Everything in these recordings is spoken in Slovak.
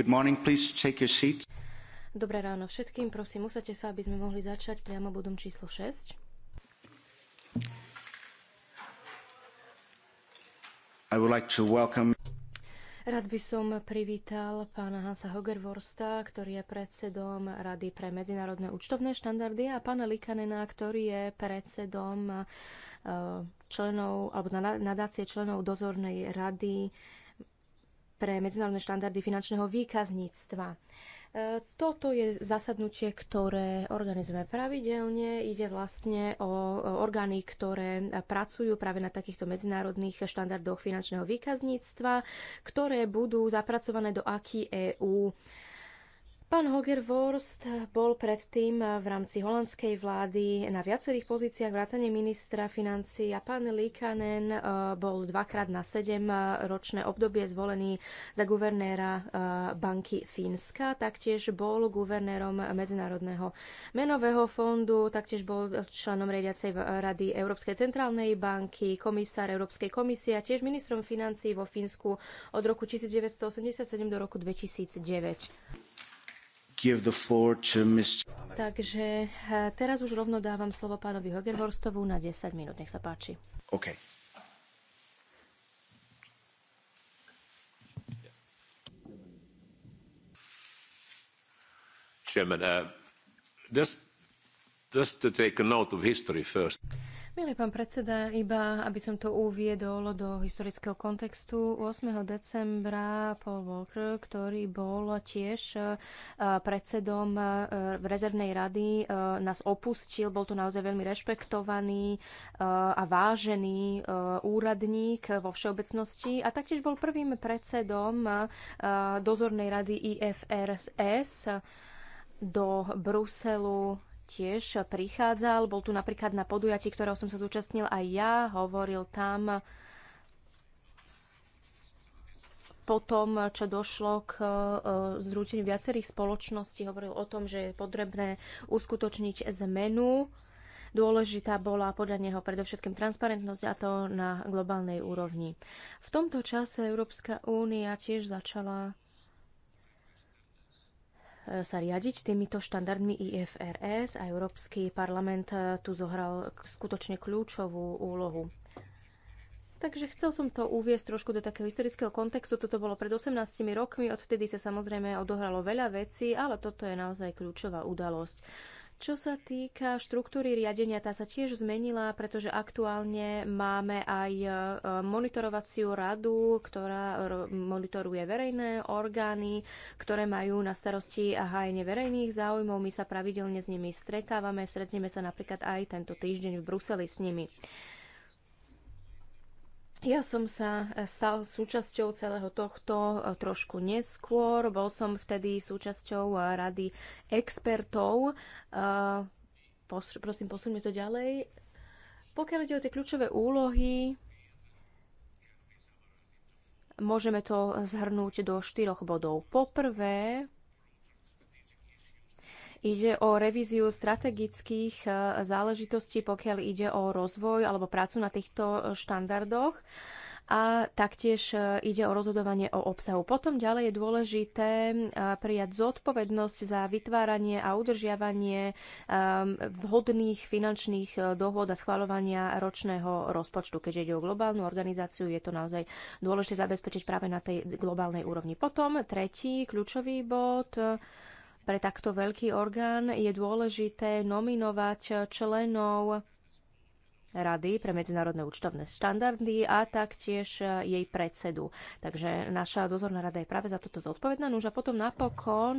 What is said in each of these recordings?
Good morning, please take your seat. Dobré ráno všetkým, prosím, usadte sa, aby sme mohli začať priamo bodom číslo 6. I would like to welcome Rád by som privítal pána Hansa Hogervorsta, ktorý je predsedom Rady pre medzinárodné účtovné štandardy a pána Likanena, ktorý je predsedom eh, členov alebo nadácie členov dozornej rady pre medzinárodné štandardy finančného výkazníctva. E, toto je zasadnutie, ktoré organizujeme pravidelne. Ide vlastne o orgány, ktoré pracujú práve na takýchto medzinárodných štandardoch finančného výkazníctva, ktoré budú zapracované do AKI EU. Pán Worst bol predtým v rámci holandskej vlády na viacerých pozíciách vrátane ministra financí a pán Likanen eh, bol dvakrát na sedem ročné obdobie zvolený za guvernéra eh, banky Fínska, taktiež bol guvernérom Medzinárodného menového fondu, taktiež bol členom riadiacej rady Európskej centrálnej banky, komisár Európskej komisie a tiež ministrom financí vo Fínsku od roku 1987 do roku 2009 give the floor to Mr. Takže eh, teraz už rovno dávam slovo pánovi Hogerhorstovu na 10 minút. Nech sa páči. OK. Chairman, uh, just, just to take a note of history first. Milý pán predseda, iba aby som to uviedol do historického kontextu, 8. decembra Paul Walker, ktorý bol tiež e, predsedom e, rezervnej rady, e, nás opustil, bol to naozaj veľmi rešpektovaný a vážený úradník vo všeobecnosti a taktiež bol prvým predsedom dozornej rady IFRS do Bruselu tiež prichádzal. Bol tu napríklad na podujati, ktorého som sa zúčastnil aj ja. Hovoril tam po tom, čo došlo k e, zrúteniu viacerých spoločností, hovoril o tom, že je potrebné uskutočniť zmenu. Dôležitá bola podľa neho predovšetkým transparentnosť a to na globálnej úrovni. V tomto čase Európska únia tiež začala sa riadiť týmito štandardmi IFRS a Európsky parlament e, tu zohral skutočne kľúčovú úlohu. Takže chcel som to uviesť trošku do takého historického kontextu. Toto bolo pred 18 rokmi, odvtedy sa samozrejme odohralo veľa vecí, ale toto je naozaj kľúčová udalosť. Čo sa týka štruktúry riadenia, tá sa tiež zmenila, pretože aktuálne máme aj e, monitorovaciu radu, ktorá monitoruje verejné orgány, ktoré majú na starosti a hájenie verejných záujmov. My sa pravidelne s nimi stretávame, stretneme sa napríklad aj tento týždeň v Bruseli s nimi. Ja som sa eh, stal súčasťou celého tohto eh, trošku neskôr. Bol som vtedy súčasťou eh, rady expertov. Prosím, posuňme to ďalej. Pokiaľ ide o tie kľúčové úlohy, môžeme to zhrnúť do štyroch bodov. Poprvé, Ide o revíziu strategických e, záležitostí, pokiaľ ide o rozvoj alebo prácu na týchto štandardoch a taktiež e, ide o rozhodovanie o obsahu. Potom ďalej je dôležité e, prijať zodpovednosť za vytváranie a udržiavanie vhodných finančných dohod a schvalovania ročného rozpočtu. Keďže ide o globálnu organizáciu, je to naozaj dôležité zabezpečiť práve na tej globálnej úrovni. Potom tretí kľúčový bod pre takto veľký orgán je dôležité nominovať členov Rady pre medzinárodné účtovné štandardy a taktiež jej predsedu. Takže naša dozorná rada je práve za toto zodpovedná. No už a potom napokon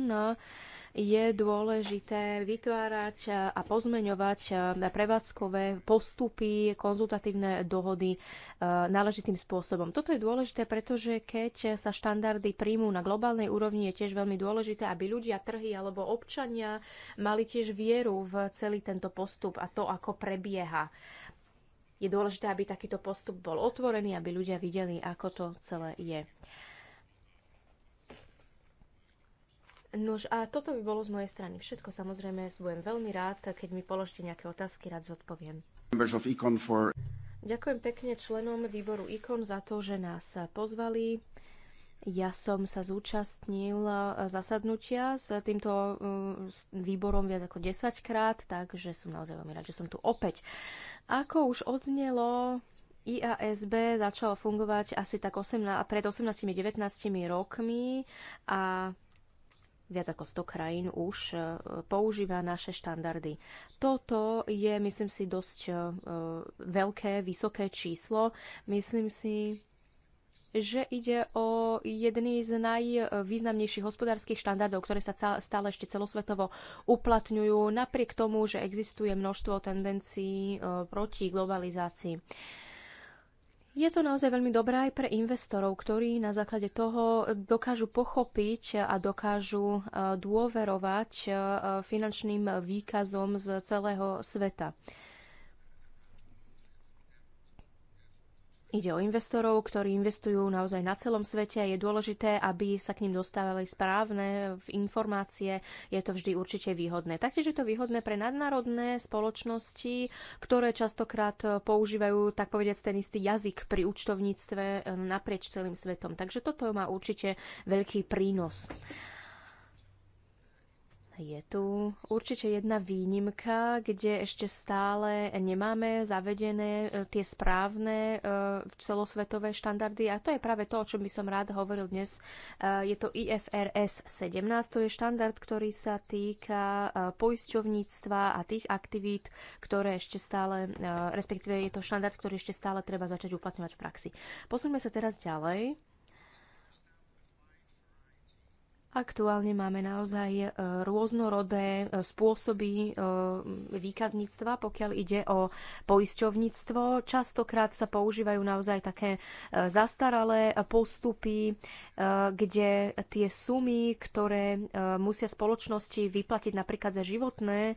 je dôležité vytvárať e, a pozmeňovať e, prevádzkové postupy, konzultatívne dohody e, náležitým spôsobom. Toto je dôležité, pretože keď sa štandardy príjmú na globálnej úrovni, je tiež veľmi dôležité, aby ľudia, trhy alebo občania mali tiež vieru v celý tento postup a to, ako prebieha. Je dôležité, aby takýto postup bol otvorený, aby ľudia videli, ako to celé je. Nož a toto by bolo z mojej strany všetko. Samozrejme, budem veľmi rád, keď mi položíte nejaké otázky, rád zodpoviem. Ďakujem pekne členom výboru IKON za to, že nás pozvali. Ja som sa zúčastnil e, zasadnutia s týmto e, výborom viac ako 10 krát, takže som naozaj veľmi rád, že som tu opäť. Ako už odznelo, IASB začalo fungovať asi tak 18, pred 18-19 rokmi a viac ako 100 krajín už e, používa naše štandardy. Toto je, myslím si, dosť e, veľké, vysoké číslo. Myslím si, že ide o jedný z najvýznamnejších hospodárskych štandardov, ktoré sa stále ešte celosvetovo uplatňujú, napriek tomu, že existuje množstvo tendencií e, proti globalizácii. Je to naozaj veľmi dobré aj pre investorov, ktorí na základe toho dokážu pochopiť a dokážu e, dôverovať e, e, finančným výkazom z celého sveta. Ide o investorov, ktorí investujú naozaj na celom svete. Je dôležité, aby sa k ním dostávali správne informácie. Je to vždy určite výhodné. Taktiež je to výhodné pre nadnárodné spoločnosti, ktoré častokrát používajú, tak povediať, ten istý jazyk pri účtovníctve naprieč celým svetom. Takže toto má určite veľký prínos. Je tu určite jedna výnimka, kde ešte stále nemáme zavedené e, tie správne e, celosvetové štandardy a to je práve to, o čom by som rád hovoril dnes. E, je to IFRS 17, to je štandard, ktorý sa týka poisťovníctva a tých aktivít, ktoré ešte stále, respektíve je to štandard, ktorý ešte stále treba začať uplatňovať v praxi. Posúňme sa teraz ďalej Aktuálne máme naozaj e, rôznorodé e, spôsoby e, výkazníctva, pokiaľ ide o poisťovníctvo. Častokrát sa používajú naozaj také zastaralé postupy, kde tie sumy, ktoré musia spoločnosti vyplatiť napríklad za životné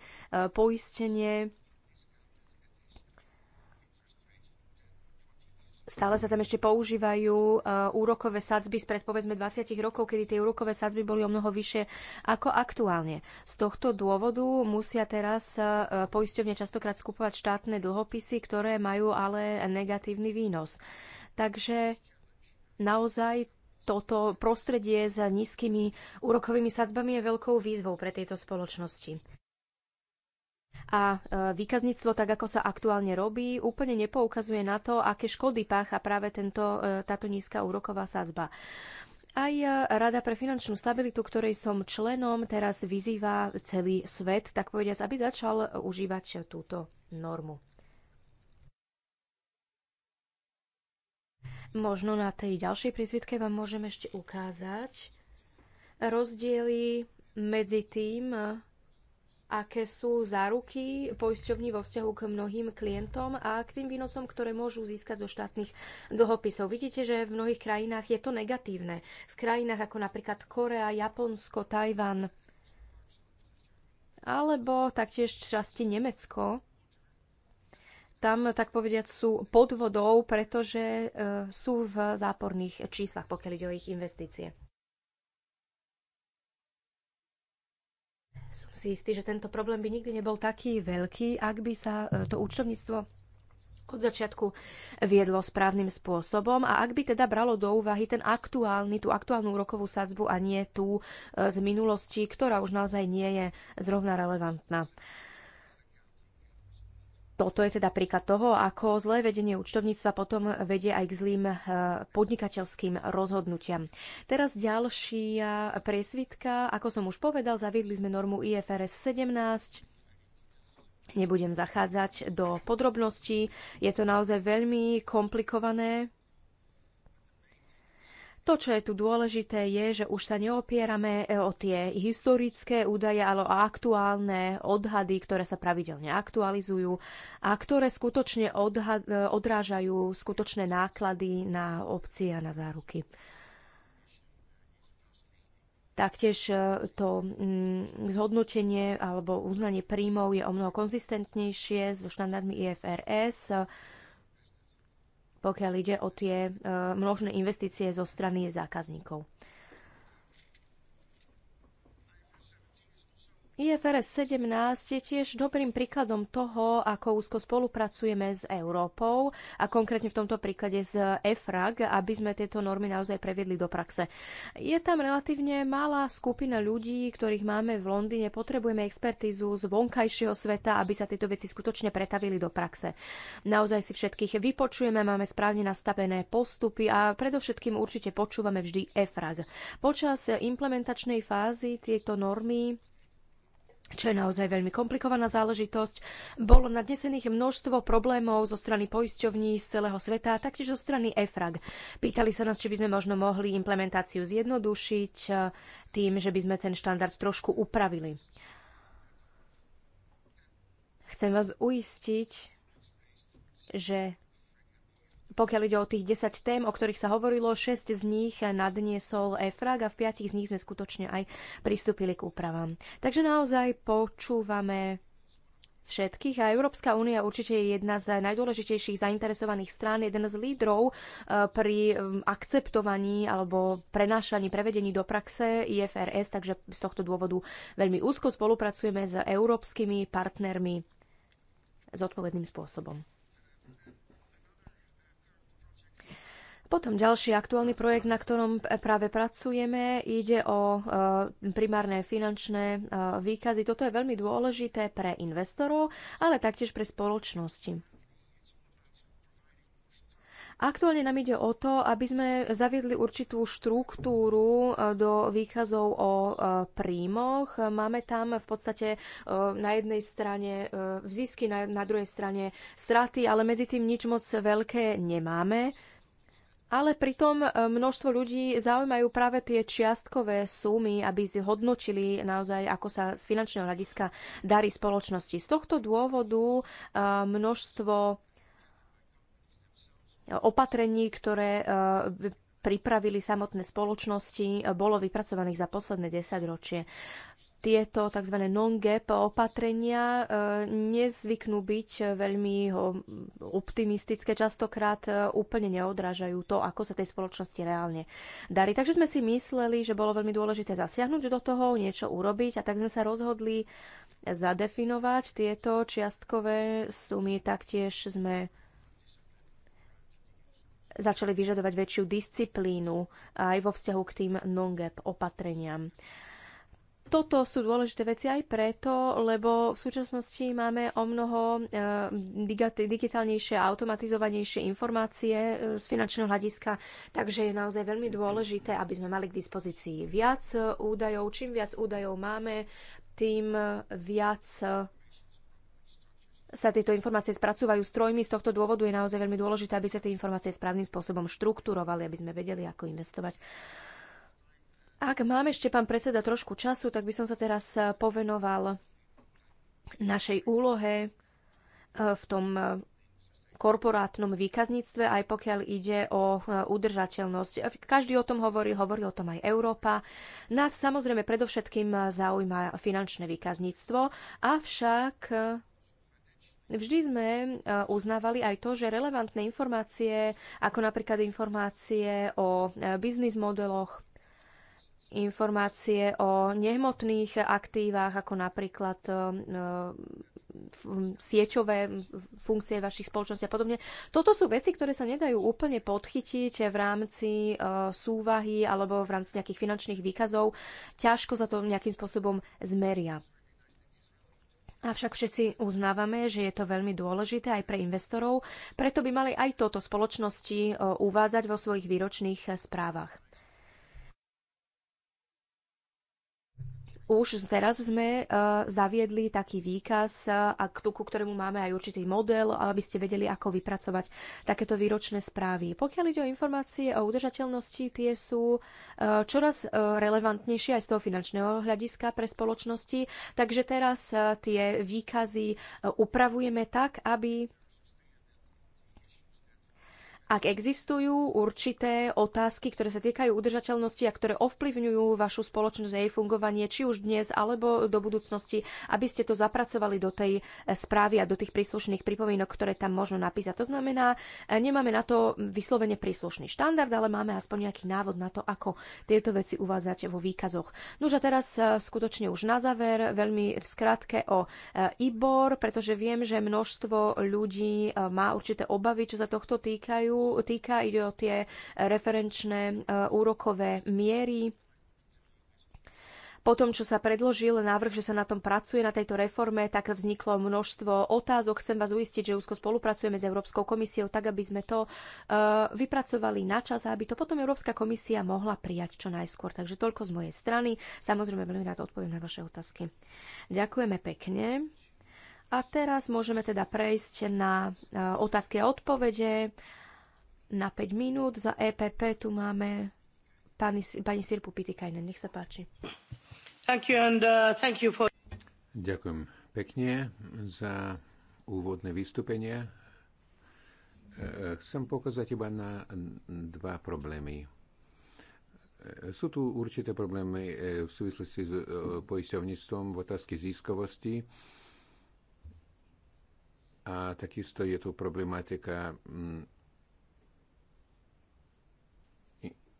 poistenie, stále sa tam ešte používajú e, úrokové sadzby spred povedzme 20 rokov, kedy tie úrokové sadzby boli o mnoho vyššie ako aktuálne. Z tohto dôvodu musia teraz e, poisťovne častokrát skupovať štátne dlhopisy, ktoré majú ale negatívny výnos. Takže naozaj toto prostredie s nízkymi úrokovými sadzbami je veľkou výzvou pre tieto spoločnosti. A e, výkazníctvo, tak ako sa aktuálne robí, úplne nepoukazuje na to, aké škody pácha práve tento, e, táto nízka úroková sadzba. Aj e, Rada pre finančnú stabilitu, ktorej som členom, teraz vyzýva celý svet, tak povediac, aby začal užívať túto normu. Možno na tej ďalšej prísvitke vám môžem ešte ukázať rozdiely medzi tým, aké sú záruky poisťovní vo vzťahu k mnohým klientom a k tým výnosom, ktoré môžu získať zo štátnych dlhopisov. Vidíte, že v mnohých krajinách je to negatívne. V krajinách ako napríklad Korea, Japonsko, Tajvan alebo taktiež časti Nemecko. Tam, tak povediať, sú pod vodou, pretože e, sú v záporných číslach, pokiaľ ide o ich investície. Som si istý, že tento problém by nikdy nebol taký veľký, ak by sa e, to účtovníctvo od začiatku viedlo správnym spôsobom a ak by teda bralo do úvahy ten aktuálny, tú aktuálnu úrokovú sadzbu a nie tú e, z minulosti, ktorá už naozaj nie je zrovna relevantná toto je teda príklad toho, ako zlé vedenie účtovníctva potom vedie aj k zlým eh, podnikateľským rozhodnutiam. Teraz ďalšia presvitka. Ako som už povedal, zaviedli sme normu IFRS 17. Nebudem zachádzať do podrobností. Je to naozaj veľmi komplikované to, čo je tu dôležité, je, že už sa neopierame e, o tie historické údaje, ale o aktuálne odhady, ktoré sa pravidelne aktualizujú a ktoré skutočne e, odrážajú skutočné náklady na obcie a na záruky. Taktiež e, to mm, zhodnotenie alebo uznanie príjmov je o mnoho konzistentnejšie so štandardmi IFRS pokiaľ ide o tie e, možné investície zo strany zákazníkov. IFRS 17 je tiež dobrým príkladom toho, ako úzko spolupracujeme s Európou a konkrétne v tomto príklade s EFRAG, aby sme tieto normy naozaj previedli do praxe. Je tam relatívne malá skupina ľudí, ktorých máme v Londýne, potrebujeme expertízu z vonkajšieho sveta, aby sa tieto veci skutočne pretavili do praxe. Naozaj si všetkých vypočujeme, máme správne nastavené postupy a predovšetkým určite počúvame vždy EFRAG. Počas implementačnej fázy tieto normy čo je naozaj veľmi komplikovaná záležitosť. Bolo nadnesených množstvo problémov zo strany poisťovní z celého sveta, taktiež zo strany EFRAG. Pýtali sa nás, či by sme možno mohli implementáciu zjednodušiť eh, tým, že by sme ten štandard trošku upravili. Chcem vás uistiť, že pokiaľ ide o tých 10 tém, o ktorých sa hovorilo, 6 z nich nadniesol EFRAG a v 5 z nich sme skutočne aj pristúpili k úpravám. Takže naozaj počúvame všetkých a Európska únia určite je jedna z najdôležitejších zainteresovaných strán, jeden z lídrov e, pri akceptovaní alebo prenášaní, prevedení do praxe IFRS, takže z tohto dôvodu veľmi úzko spolupracujeme s európskymi partnermi zodpovedným spôsobom. Potom ďalší aktuálny projekt, na ktorom práve pracujeme, ide o e, primárne finančné e, výkazy. Toto je veľmi dôležité pre investorov, ale taktiež pre spoločnosti. Aktuálne nám ide o to, aby sme zaviedli určitú štruktúru e, do výkazov o príjmoch. Máme tam v podstate na jednej strane zisky, na druhej strane straty, ale medzi tým nič moc veľké nemáme ale pritom e, množstvo ľudí zaujímajú práve tie čiastkové sumy, aby zhodnotili naozaj, ako sa z finančného hľadiska darí spoločnosti. Z tohto dôvodu e, množstvo e, opatrení, ktoré pripravili samotné spoločnosti, bolo vypracovaných za posledné desaťročie tieto tzv. non-gap opatrenia e, nezvyknú byť veľmi optimistické, častokrát e, úplne neodrážajú to, ako sa tej spoločnosti reálne darí. Takže sme si mysleli, že bolo veľmi dôležité zasiahnuť do toho, niečo urobiť a tak sme sa rozhodli zadefinovať tieto čiastkové sumy. Taktiež sme začali vyžadovať väčšiu disciplínu aj vo vzťahu k tým non-gap opatreniam toto sú dôležité veci aj preto, lebo v súčasnosti máme o mnoho e, digitálnejšie a automatizovanejšie informácie e, z finančného hľadiska, takže je naozaj veľmi dôležité, aby sme mali k dispozícii viac e, údajov. Čím viac údajov máme, tým viac sa tieto informácie spracúvajú strojmi. Z tohto dôvodu je naozaj veľmi dôležité, aby sa tie informácie správnym spôsobom štruktúrovali, aby sme vedeli, ako investovať ak mám ešte, pán predseda, trošku času, tak by som sa teraz eh, povenoval našej úlohe eh, v tom eh, korporátnom výkazníctve, aj pokiaľ ide o udržateľnosť. Každý o tom hovorí, hovorí o tom aj Európa. Nás samozrejme predovšetkým zaujíma finančné výkazníctvo, avšak Vždy sme uznávali aj to, že relevantné informácie, ako napríklad informácie o biznis modeloch, informácie o nehmotných aktívach, ako napríklad e, sieťové funkcie vašich spoločností a podobne. Toto sú veci, ktoré sa nedajú úplne podchytiť v rámci e, súvahy alebo v rámci nejakých finančných výkazov. Ťažko sa to nejakým spôsobom zmeria. Avšak všetci uznávame, že je to veľmi dôležité aj pre investorov, preto by mali aj toto spoločnosti e, uvádzať vo svojich výročných správach. už teraz sme uh, zaviedli taký výkaz, uh, a k, ku ktorému máme aj určitý model, aby ste vedeli, ako vypracovať takéto výročné správy. Pokiaľ ide o informácie o udržateľnosti, tie sú uh, čoraz uh, relevantnejšie aj z toho finančného hľadiska pre spoločnosti, takže teraz uh, tie výkazy uh, upravujeme tak, aby ak existujú určité otázky, ktoré sa týkajú udržateľnosti a ktoré ovplyvňujú vašu spoločnosť a jej fungovanie, či už dnes alebo do budúcnosti, aby ste to zapracovali do tej správy a do tých príslušných pripomienok, ktoré tam možno napísať. To znamená, e, nemáme na to vyslovene príslušný štandard, ale máme aspoň nejaký návod na to, ako tieto veci uvádzať vo výkazoch. No a teraz e, skutočne už na záver, veľmi v skratke o e, IBOR, pretože viem, že množstvo ľudí má určité obavy, čo sa tohto týkajú týkajú, týka. Ide o tie eh, referenčné eh, úrokové miery. Po tom, čo sa predložil návrh, že sa na tom pracuje, na tejto reforme, tak vzniklo množstvo otázok. Chcem vás uistiť, že úzko spolupracujeme s Európskou komisiou, tak aby sme to eh, vypracovali na čas a aby to potom Európska komisia mohla prijať čo najskôr. Takže toľko z mojej strany. Samozrejme, veľmi rád odpoviem na vaše otázky. Ďakujeme pekne. A teraz môžeme teda prejsť na otázky a odpovede na 5 minút. Za EPP tu máme pani, pani Sirpu Pitikajnen. Nech sa páči. Thank you and, uh, thank you for... Ďakujem pekne za úvodné vystúpenie. E, e, chcem pokazať iba na dva problémy. E, sú tu určité problémy v súvislosti s poisťovníctvom v otázke získovosti. A takisto je tu problematika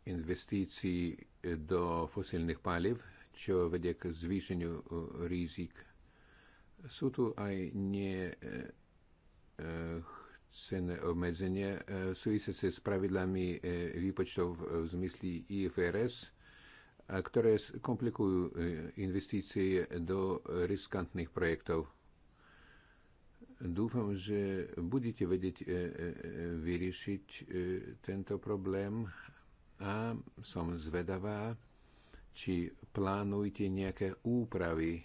investícií do fosílnych palív, čo vedie k zvýšeniu eh, rizik. Sú tu aj nie eh, eh, cenné obmedzenia súvisiace s pravidlami výpočtov v zmysli IFRS, ktoré komplikujú investície do riskantných projektov. Dúfam, že budete vedieť vyriešiť tento problém a som zvedavá, či plánujete nejaké úpravy e,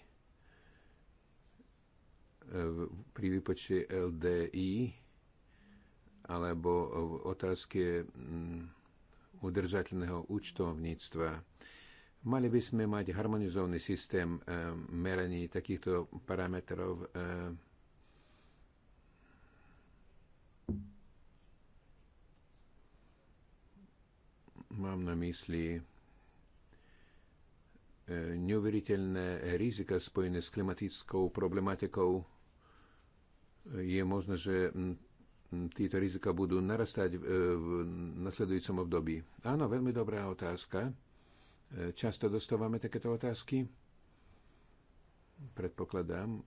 pri výpočte LDI alebo v otázke udržateľného účtovníctva. Mali by sme mať harmonizovaný systém e, meraní takýchto parametrov e, Mám na mysli e, neuveriteľné rizika spojené s klimatickou problematikou. E, je možné, že títo rizika budú narastať e, v nasledujúcom období? Áno, veľmi dobrá otázka. Často dostávame takéto otázky. Predpokladám,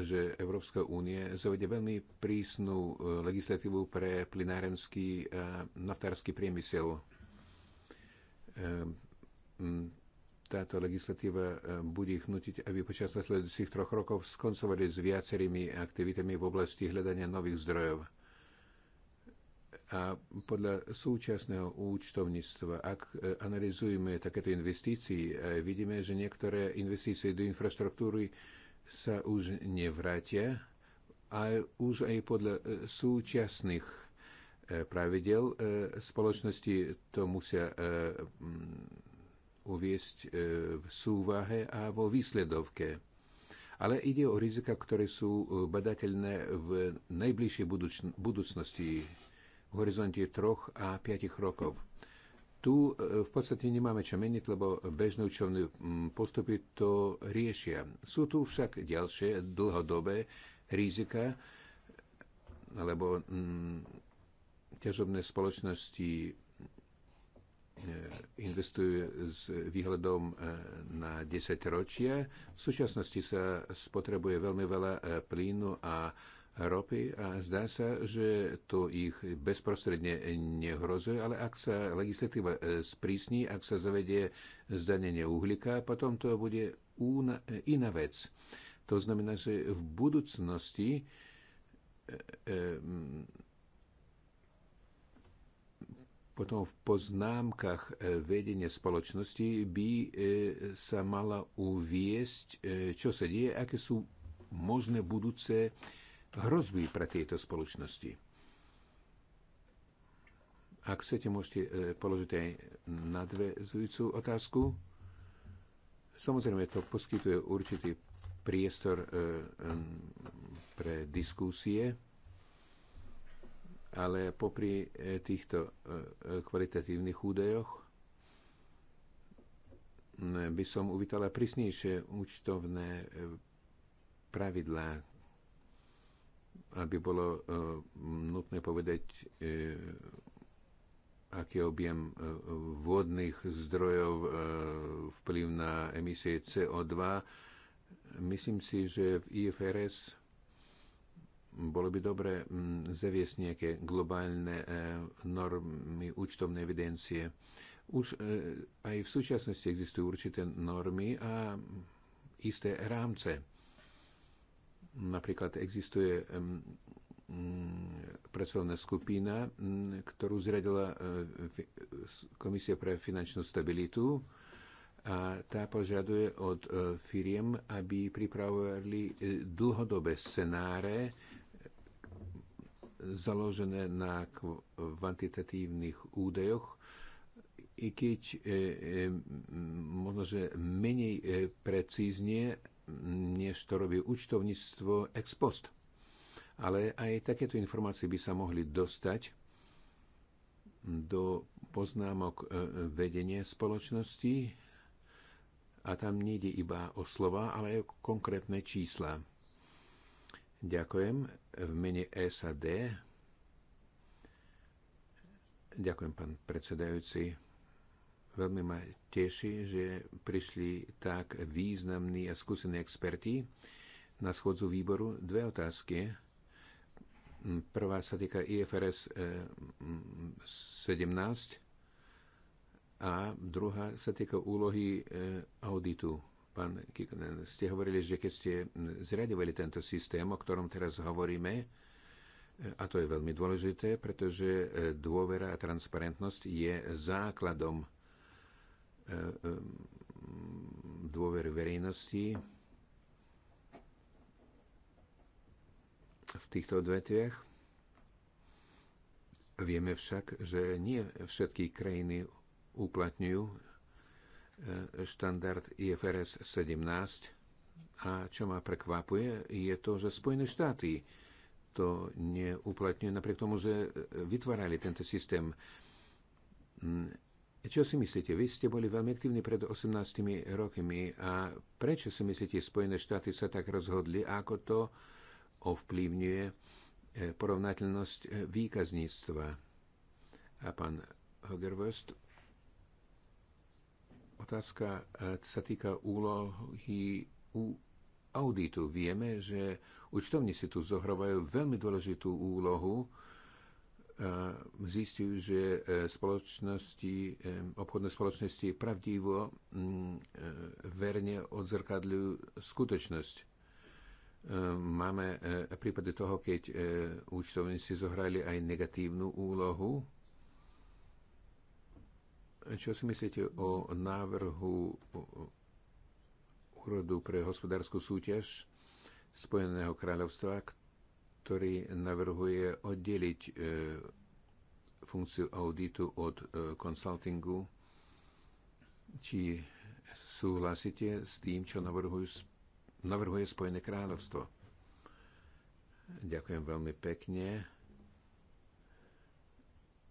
že Európska únie zavede veľmi prísnu legislatívu pre plinárenský a naftársky priemysel. Ehm, táto legislatíva ehm, bude ich nutiť, aby počas nasledujúcich troch rokov skoncovali s viacerými aktivitami v oblasti hľadania nových zdrojov. A podľa súčasného účtovníctva, ak e, analizujeme takéto investície, e, vidíme, že niektoré investície do infraštruktúry sa už nevrátia a už aj podľa e, súčasných E, pravidel e, spoločnosti, to musia e, mm, uviesť v súvahe a vo výsledovke. Ale ide o rizika, ktoré sú badateľné v najbližšej budúcnosti, v horizonte 3 a 5 rokov. Tu v podstate nemáme čo meniť, lebo bežné učovné mm, postupy to riešia. Sú tu však ďalšie dlhodobé rizika, alebo mm, ťažobné spoločnosti e, investuje s výhľadom e, na 10 ročie. V súčasnosti sa spotrebuje veľmi veľa e, plynu a ropy a zdá sa, že to ich bezprostredne nehrozuje, ale ak sa legislatíva sprísní, ak sa zavedie zdanenie uhlíka, potom to bude iná vec. To znamená, že v budúcnosti potom v poznámkach e, vedenia spoločnosti by e, sa mala uviesť, e, čo sa deje, aké sú možné budúce hrozby pre tieto spoločnosti. Ak chcete, môžete položiť aj nadvezujúcu otázku. Samozrejme, to poskytuje určitý priestor pre diskusie. Ale popri e, týchto e, e, kvalitatívnych údajoch by som uvítala prísnejšie účtovné pravidlá, aby bolo nutné povedať, aký objem vodných zdrojov vplyv na emisie CO2. Myslím si, že v IFRS bolo by dobre mm, zaviesť nejaké globálne e, normy účtovnej evidencie. Už e, aj v súčasnosti existujú určité normy a isté rámce. Napríklad existuje mm, pracovná skupina, mm, ktorú zradila e, Komisia pre finančnú stabilitu a tá požaduje od firiem, aby pripravovali dlhodobé scenáre založené na kvantitatívnych údajoch, i keď e, e, možno, že menej e, precízne, než to robí účtovníctvo ex post. Ale aj takéto informácie by sa mohli dostať do poznámok e, vedenia spoločnosti a tam nejde iba o slova, ale aj o konkrétne čísla. Ďakujem v mene SAD. Ďakujem, pán predsedajúci. Veľmi ma teší, že prišli tak významní a skúsení experti na schodzu výboru. Dve otázky. Prvá sa týka IFRS 17 eh, a druhá sa týka úlohy eh, auditu. Pán Kikonen, ste hovorili, že keď ste zriadovali tento systém, o ktorom teraz hovoríme, e, a to je veľmi dôležité, pretože e, dôvera a transparentnosť je základom e, dôvery verejnosti v týchto odvetviach. Vieme však, že nie všetky krajiny uplatňujú E, štandard IFRS 17 a čo ma prekvapuje, je to, že Spojené štáty to neuplatňujú, napriek tomu, že vytvárali tento systém. Mm, čo si myslíte? Vy ste boli veľmi aktívni pred 18 rokmi a prečo si myslíte, Spojené štáty sa tak rozhodli, ako to ovplyvňuje e, porovnateľnosť e, výkazníctva? A pán Hogerwurst Otázka e, sa týka úlohy u auditu. Vieme, že účtovníci tu zohrávajú veľmi dôležitú úlohu. E, zistujú, že e, spoločnosti, obchodné spoločnosti pravdivo verne odzrkadľujú skutočnosť máme prípady toho, keď účtovníci zohrali aj negatívnu úlohu. Čo si myslíte o návrhu úrodu pre hospodárskú súťaž Spojeného kráľovstva, ktorý navrhuje oddeliť e, funkciu auditu od e, konsultingu? Či súhlasíte s tým, čo navrhuje Spojené kráľovstvo? Ďakujem veľmi pekne.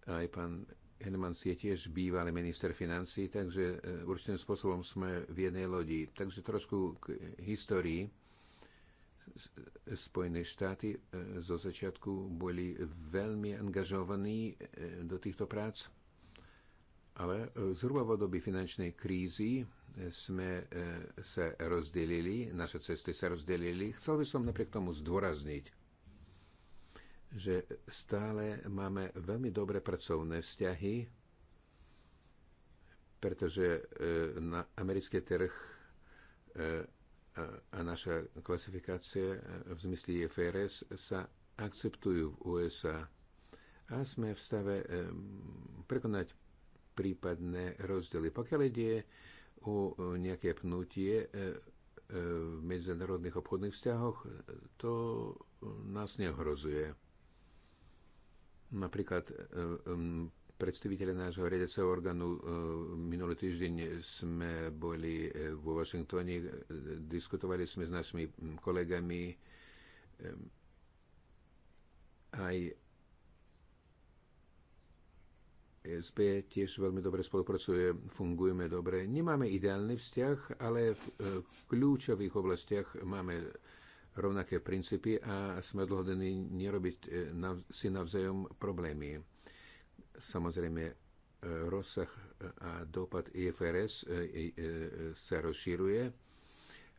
Aj pán Helmans je tiež bývalý minister financí, takže e, určitým spôsobom sme v jednej lodi. Takže trošku k histórii. Spojené štáty e, zo začiatku boli veľmi angažovaní e, do týchto prác, ale zhruba v období finančnej krízy sme sa rozdelili, naše cesty sa rozdelili. Chcel by som napriek tomu zdôrazniť, že stále máme veľmi dobré pracovné vzťahy, pretože e, na americký trh e, a naša klasifikácia e, v zmysle FRS sa akceptujú v USA a sme v stave prekonať prípadné rozdiely. Pokiaľ ide o nejaké pnutie v medzinárodných obchodných vzťahoch, to nás neohrozuje. Napríklad um, predstaviteľe nášho riadiaceho orgánu um, minulý týždeň sme boli um, vo Washingtone, diskutovali sme s našimi kolegami um, aj SB tiež veľmi dobre spolupracuje, fungujeme dobre. Nemáme ideálny vzťah, ale v kľúčových oblastiach máme rovnaké princípy a sme odhodení nerobiť e, si navzájom problémy. Samozrejme, e, rozsah a dopad IFRS e, sa rozširuje.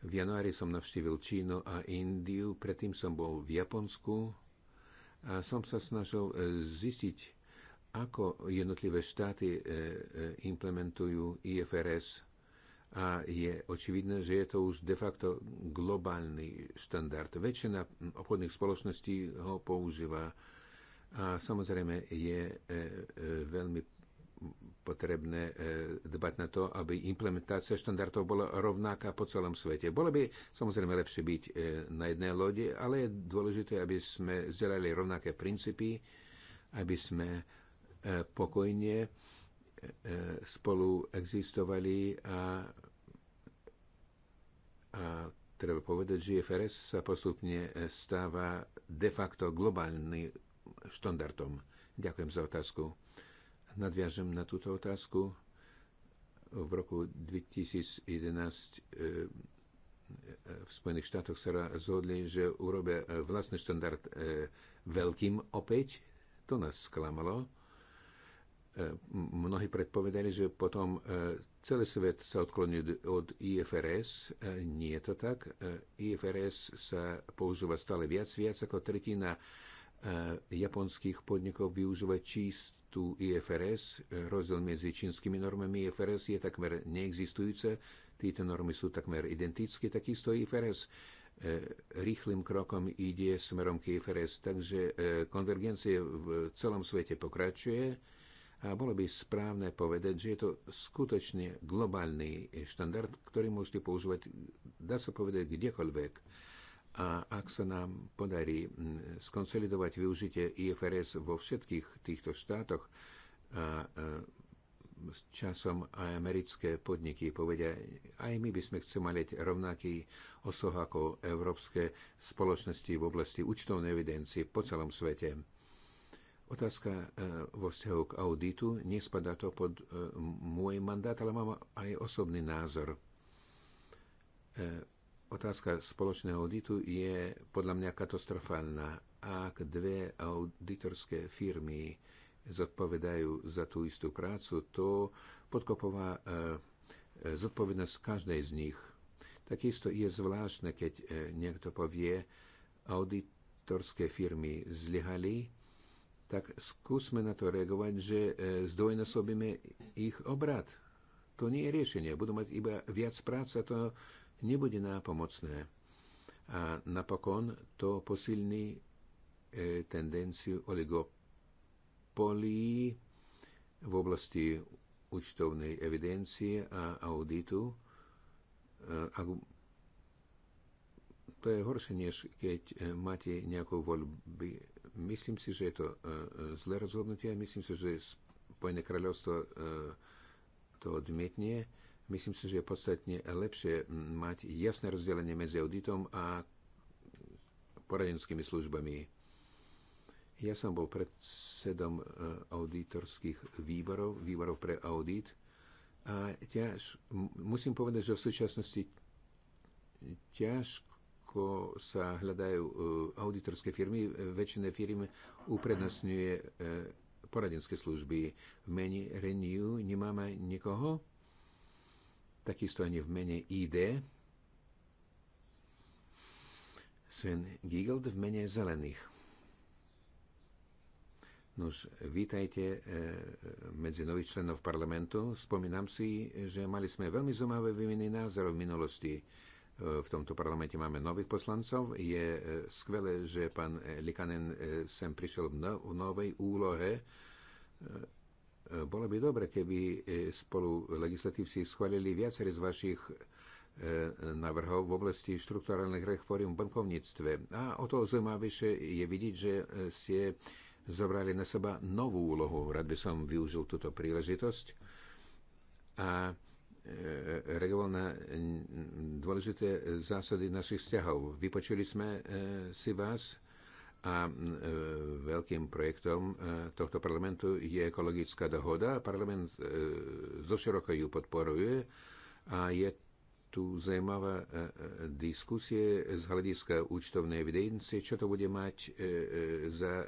V januári som navštívil Čínu a Indiu, predtým som bol v Japonsku a som sa snažil zistiť, ako jednotlivé štáty implementujú IFRS a je očividné, že je to už de facto globálny štandard. Väčšina obchodných spoločností ho používa a samozrejme je e, e, veľmi potrebné e, dbať na to, aby implementácia štandardov bola rovnaká po celom svete. Bolo by samozrejme lepšie byť na jednej lodi, ale je dôležité, aby sme zdelali rovnaké princípy, aby sme pokojne E, spolu existovali a, a treba povedať, že GFRS sa postupne e, stáva de facto globálnym štandardom. Ďakujem za otázku. Nadviažem na túto otázku. V roku 2011 e, v Spojených štátoch sa zhodli, že urobia vlastný štandard veľkým opäť. To nás sklamalo E, mnohí predpovedali, že potom e, celý svet sa odkloní od IFRS. E, nie je to tak. IFRS sa používa stále viac, viac ako tretina japonských podnikov využíva čistú IFRS. Rozdiel medzi čínskymi normami IFRS je takmer neexistujúce. Tieto normy sú takmer identické, takisto IFRS rýchlým krokom ide smerom k IFRS, takže konvergencia v celom svete pokračuje a bolo by správne povedať, že je to skutočne globálny štandard, ktorý môžete používať, dá sa povedať, kdekoľvek. A ak sa nám podarí skonsolidovať využitie IFRS vo všetkých týchto štátoch, a, s časom aj americké podniky povedia, aj my by sme chceli mať rovnaký osoh ako európske spoločnosti v oblasti účtovnej evidencie po celom svete Otázka e, vo vzťahu k auditu, nespadá to pod e, môj mandát, ale mám aj osobný názor. E, otázka spoločného auditu je podľa mňa katastrofálna. Ak dve auditorské firmy zodpovedajú za tú istú prácu, to podkopová zodpovednosť každej z nich. Takisto je zvláštne, keď niekto povie, auditorské firmy zlyhali, tak skúsme na to reagovať, že e, zdvojnásobíme ich obrad. To nie je riešenie. Budú mať iba viac práce a to nebude nápomocné. A napokon to posilní e, tendenciu oligopolí v oblasti účtovnej evidencie a auditu. E, ak to je horšie, než keď máte nejakú voľbu Myslím si, že je to e, e, zlé rozhodnutie. Myslím si, že Spojené kráľovstvo e, to odmietne. Myslím si, že je podstatne lepšie mať jasné rozdelenie medzi auditom a poradenskými službami. Ja som bol predsedom auditorských výborov, výborov pre audit a ťaž, musím povedať, že v súčasnosti ťažko ako sa hľadajú e, auditorské firmy, väčšina firmy uprednostňuje e, poradenské služby. V mene Renew nemáme nikoho, takisto ani v mene ID. Sven Giegeld v mene Zelených. Nož, vítajte e, medzi nových členov parlamentu. Spomínam si, že mali sme veľmi zaujímavé výmeny názorov v minulosti v tomto parlamente máme nových poslancov. Je e, skvelé, že pán e, Likanen e, sem prišiel v no-, novej úlohe. Bolo by dobre, keby spolu legislatívci schválili viaceré z vašich navrhov v oblasti štruktúrálnych reform v bankovníctve. A o to zaujímavejšie je vidieť, že ste zobrali na seba novú úlohu. Rád by som využil túto príležitosť. A E, regionálne e, dôležité zásady našich vzťahov. Vypočuli sme e, si vás a veľkým projektom tohto parlamentu je ekologická dohoda. Parlament zoširoko ju podporuje a je tu zaujímavá diskusie z hľadiska účtovnej evidencie, čo to bude mať za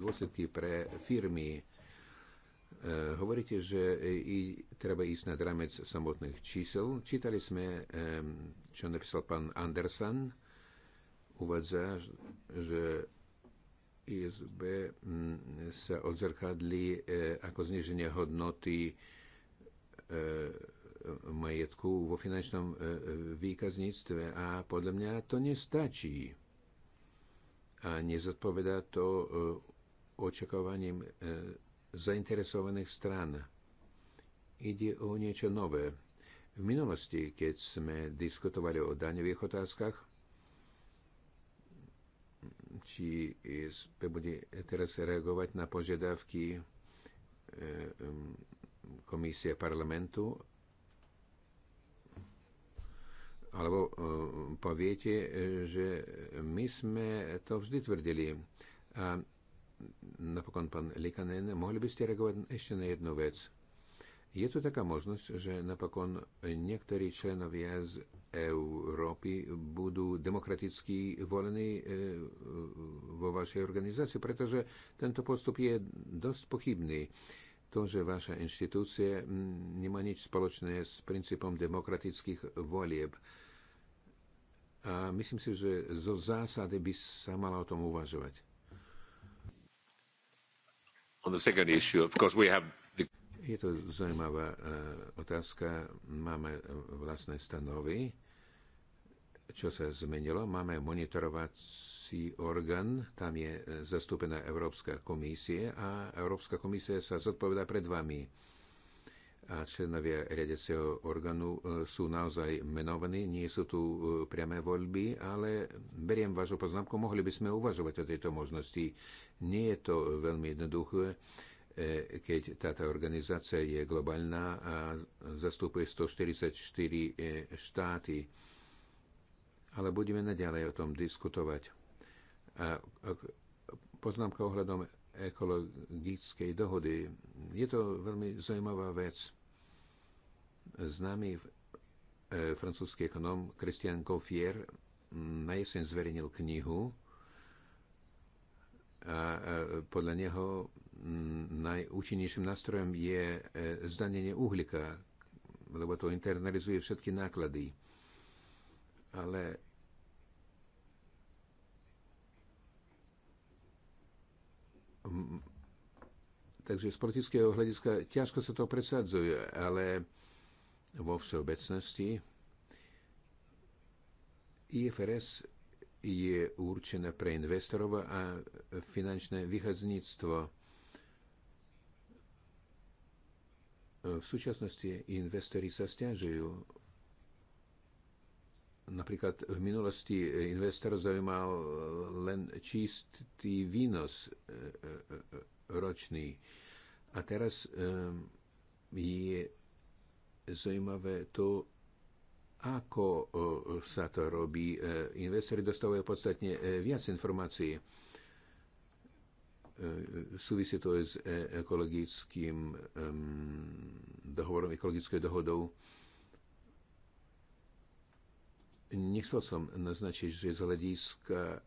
dôsledky pre firmy E, hovoríte, že e, i, treba ísť nad rámec samotných čísel. Čítali sme, e, čo napísal pán Andersen, Uvádza, že ISB sa odzrkadli ako zniženie hodnoty majetku vo finančnom výkazníctve a podľa mňa to nestačí a nezodpoveda to očakávaním zainteresovaných strán. Ide o niečo nové. V minulosti, keď sme diskutovali o daňových otázkach, či sme bude teraz reagovať na požiadavky e, komisie parlamentu, alebo e, poviete, e, že my sme to vždy tvrdili. A napokon pán Likanen, mohli by ste reagovať ešte na jednu vec. Je tu taká možnosť, že napokon niektorí členovia z Európy budú demokraticky volení e, vo vašej organizácii, pretože tento postup je dosť pochybný. To, že vaša inštitúcia nemá nič spoločné s princípom demokratických volieb. A myslím si, že zo zásady by sa mala o tom uvažovať. On the second issue, of course, we have the... Je to zaujímavá e, otázka. Máme vlastné stanovy. Čo sa zmenilo? Máme monitorovací orgán, tam je e, zastúpená Európska komisie a Európska komisia sa zodpovedá pred vami a členovia riadiaceho orgánu e, sú naozaj menovaní, nie sú tu e, priame voľby, ale beriem vašu poznámku, mohli by sme uvažovať o tejto možnosti. Nie je to veľmi jednoduché, e, keď táto organizácia je globálna a zastupuje 144 štáty. Ale budeme naďalej o tom diskutovať. A poznámka ohľadom ekologickej dohody. Je to veľmi zaujímavá vec. Známy e, francúzsky ekonom Christian Gauffier. Mm, na jeseň zverejnil knihu a e, podľa neho mm, najúčinnejším nástrojom je e, zdanenie uhlika, lebo to internalizuje všetky náklady. Ale takže z politického hľadiska ťažko sa to presadzuje, ale vo všeobecnosti. IFRS je určená pre investorov a finančné vychádnictvo. V súčasnosti investori sa stiažujú. Napríklad v minulosti investor zaujímal len čistý výnos e, e, e, ročný. A teraz je zaujímavé to, ako e, sa to robí. E, investori dostávajú podstatne e, viac informácií. Súvisí to aj s ekologickým dohovorom, ekologickou dohodou. Nechcel som naznačiť, že z hľadiska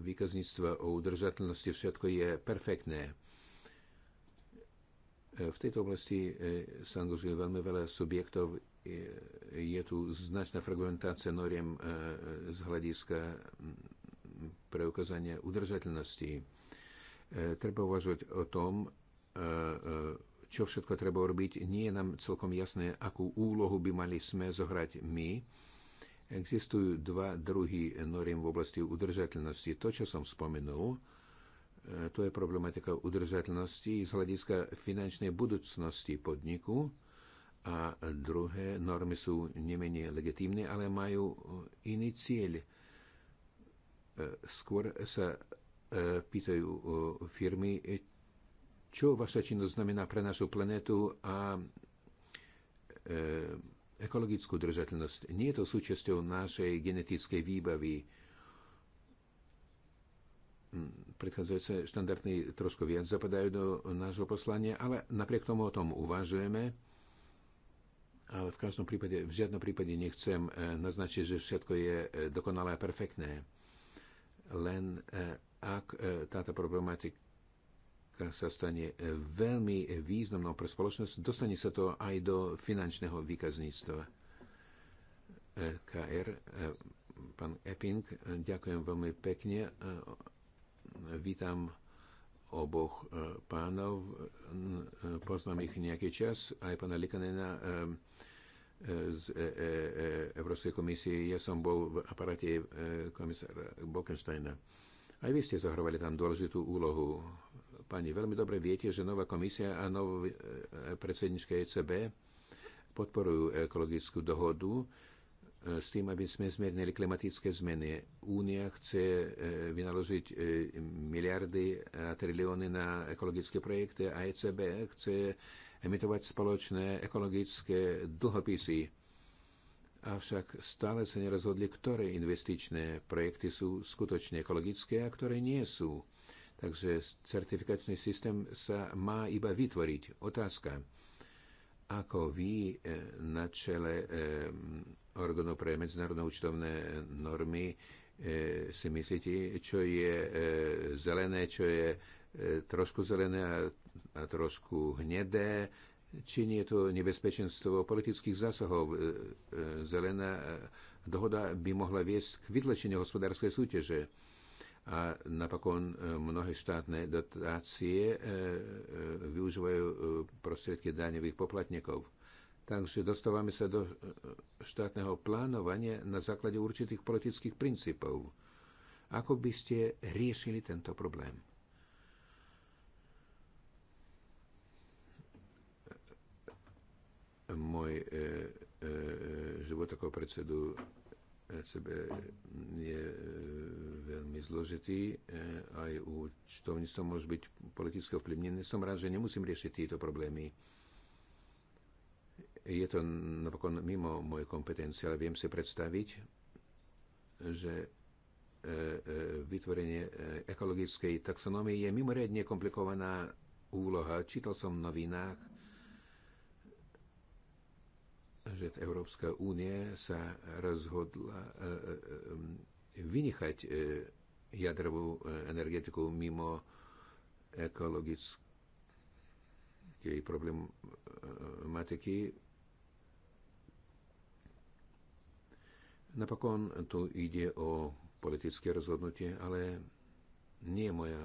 výkazníctva o udržateľnosti všetko je perfektné. V tejto oblasti e, sa angažuje veľmi veľa subjektov. E, je tu značná fragmentácia noriem e, z hľadiska preukázania udržateľnosti. Treba uvažovať o tom, čo všetko treba urobiť. Nie je nám celkom jasné, akú úlohu by mali sme zohrať my. Existujú dva druhy noriem v oblasti udržateľnosti. To, čo som spomenul, E, to je problematika udržateľnosti z hľadiska finančnej budúcnosti podniku. A druhé, normy sú nemenej legitímne, ale majú iný cieľ. E, skôr sa e, pýtajú firmy, čo vaša činnosť znamená pre našu planetu a ekologickú držateľnosť. Nie je to súčasťou našej genetickej výbavy predchádzajúce štandardy trošku viac zapadajú do nášho poslania, ale napriek tomu o tom uvažujeme. Ale v každom prípade, v žiadnom prípade nechcem eh, naznačiť, že všetko je eh, dokonalé a perfektné. Len eh, ak táto problematika sa stane veľmi významnou pre spoločnosť, dostane sa to aj do finančného výkazníctva. KR, pán Epping, ďakujem veľmi pekne Vítam oboch e, pánov. E, poznám ich nejaký čas, aj pána Likanena e, z Európskej komisie. Ja som bol v aparate komisára Bolkensteina. Aj vy ste zahrovali tam dôležitú úlohu. Pani, veľmi dobre viete, že nová komisia a nová predsednička ECB podporujú ekologickú dohodu E, s tým, aby sme zmiernili klimatické zmeny. Únia chce e, vynaložiť e, miliardy a trilióny na ekologické projekty a ECB chce emitovať spoločné ekologické dlhopisy. Avšak stále sa nerozhodli, ktoré investičné projekty sú skutočne ekologické a ktoré nie sú. Takže certifikačný systém sa má iba vytvoriť. Otázka ako vy e, na čele e, orgánov pre medzinárodné účtovné normy e, si myslíte, čo je zelené, čo je trošku zelené a trošku hnedé, či nie je to nebezpečenstvo politických zásahov. Zelená dohoda by mohla viesť k vytlačeniu hospodárskej súťaže a napokon e, mnohé štátne dotácie e, e, využívajú prostriedky daňových poplatníkov. Takže dostávame sa do štátneho plánovania na základe určitých politických princípov. Ako by ste riešili tento problém? Môj e, e, život ako predsedu ECB je veľmi zložitý, e, aj účtovníctvo môže byť politicky ovplyvnený. Som rád, že nemusím riešiť tieto problémy. Je to napokon mimo mojej kompetencie, ale viem si predstaviť, že e, e, vytvorenie ekologickej taxonomie je mimoriadne komplikovaná úloha. Čítal som v novinách, že Európska únie sa rozhodla vynechať e, jadrovú e, energetiku mimo ekologickej problematiky. Napokon tu ide o politické rozhodnutie, ale nie je moja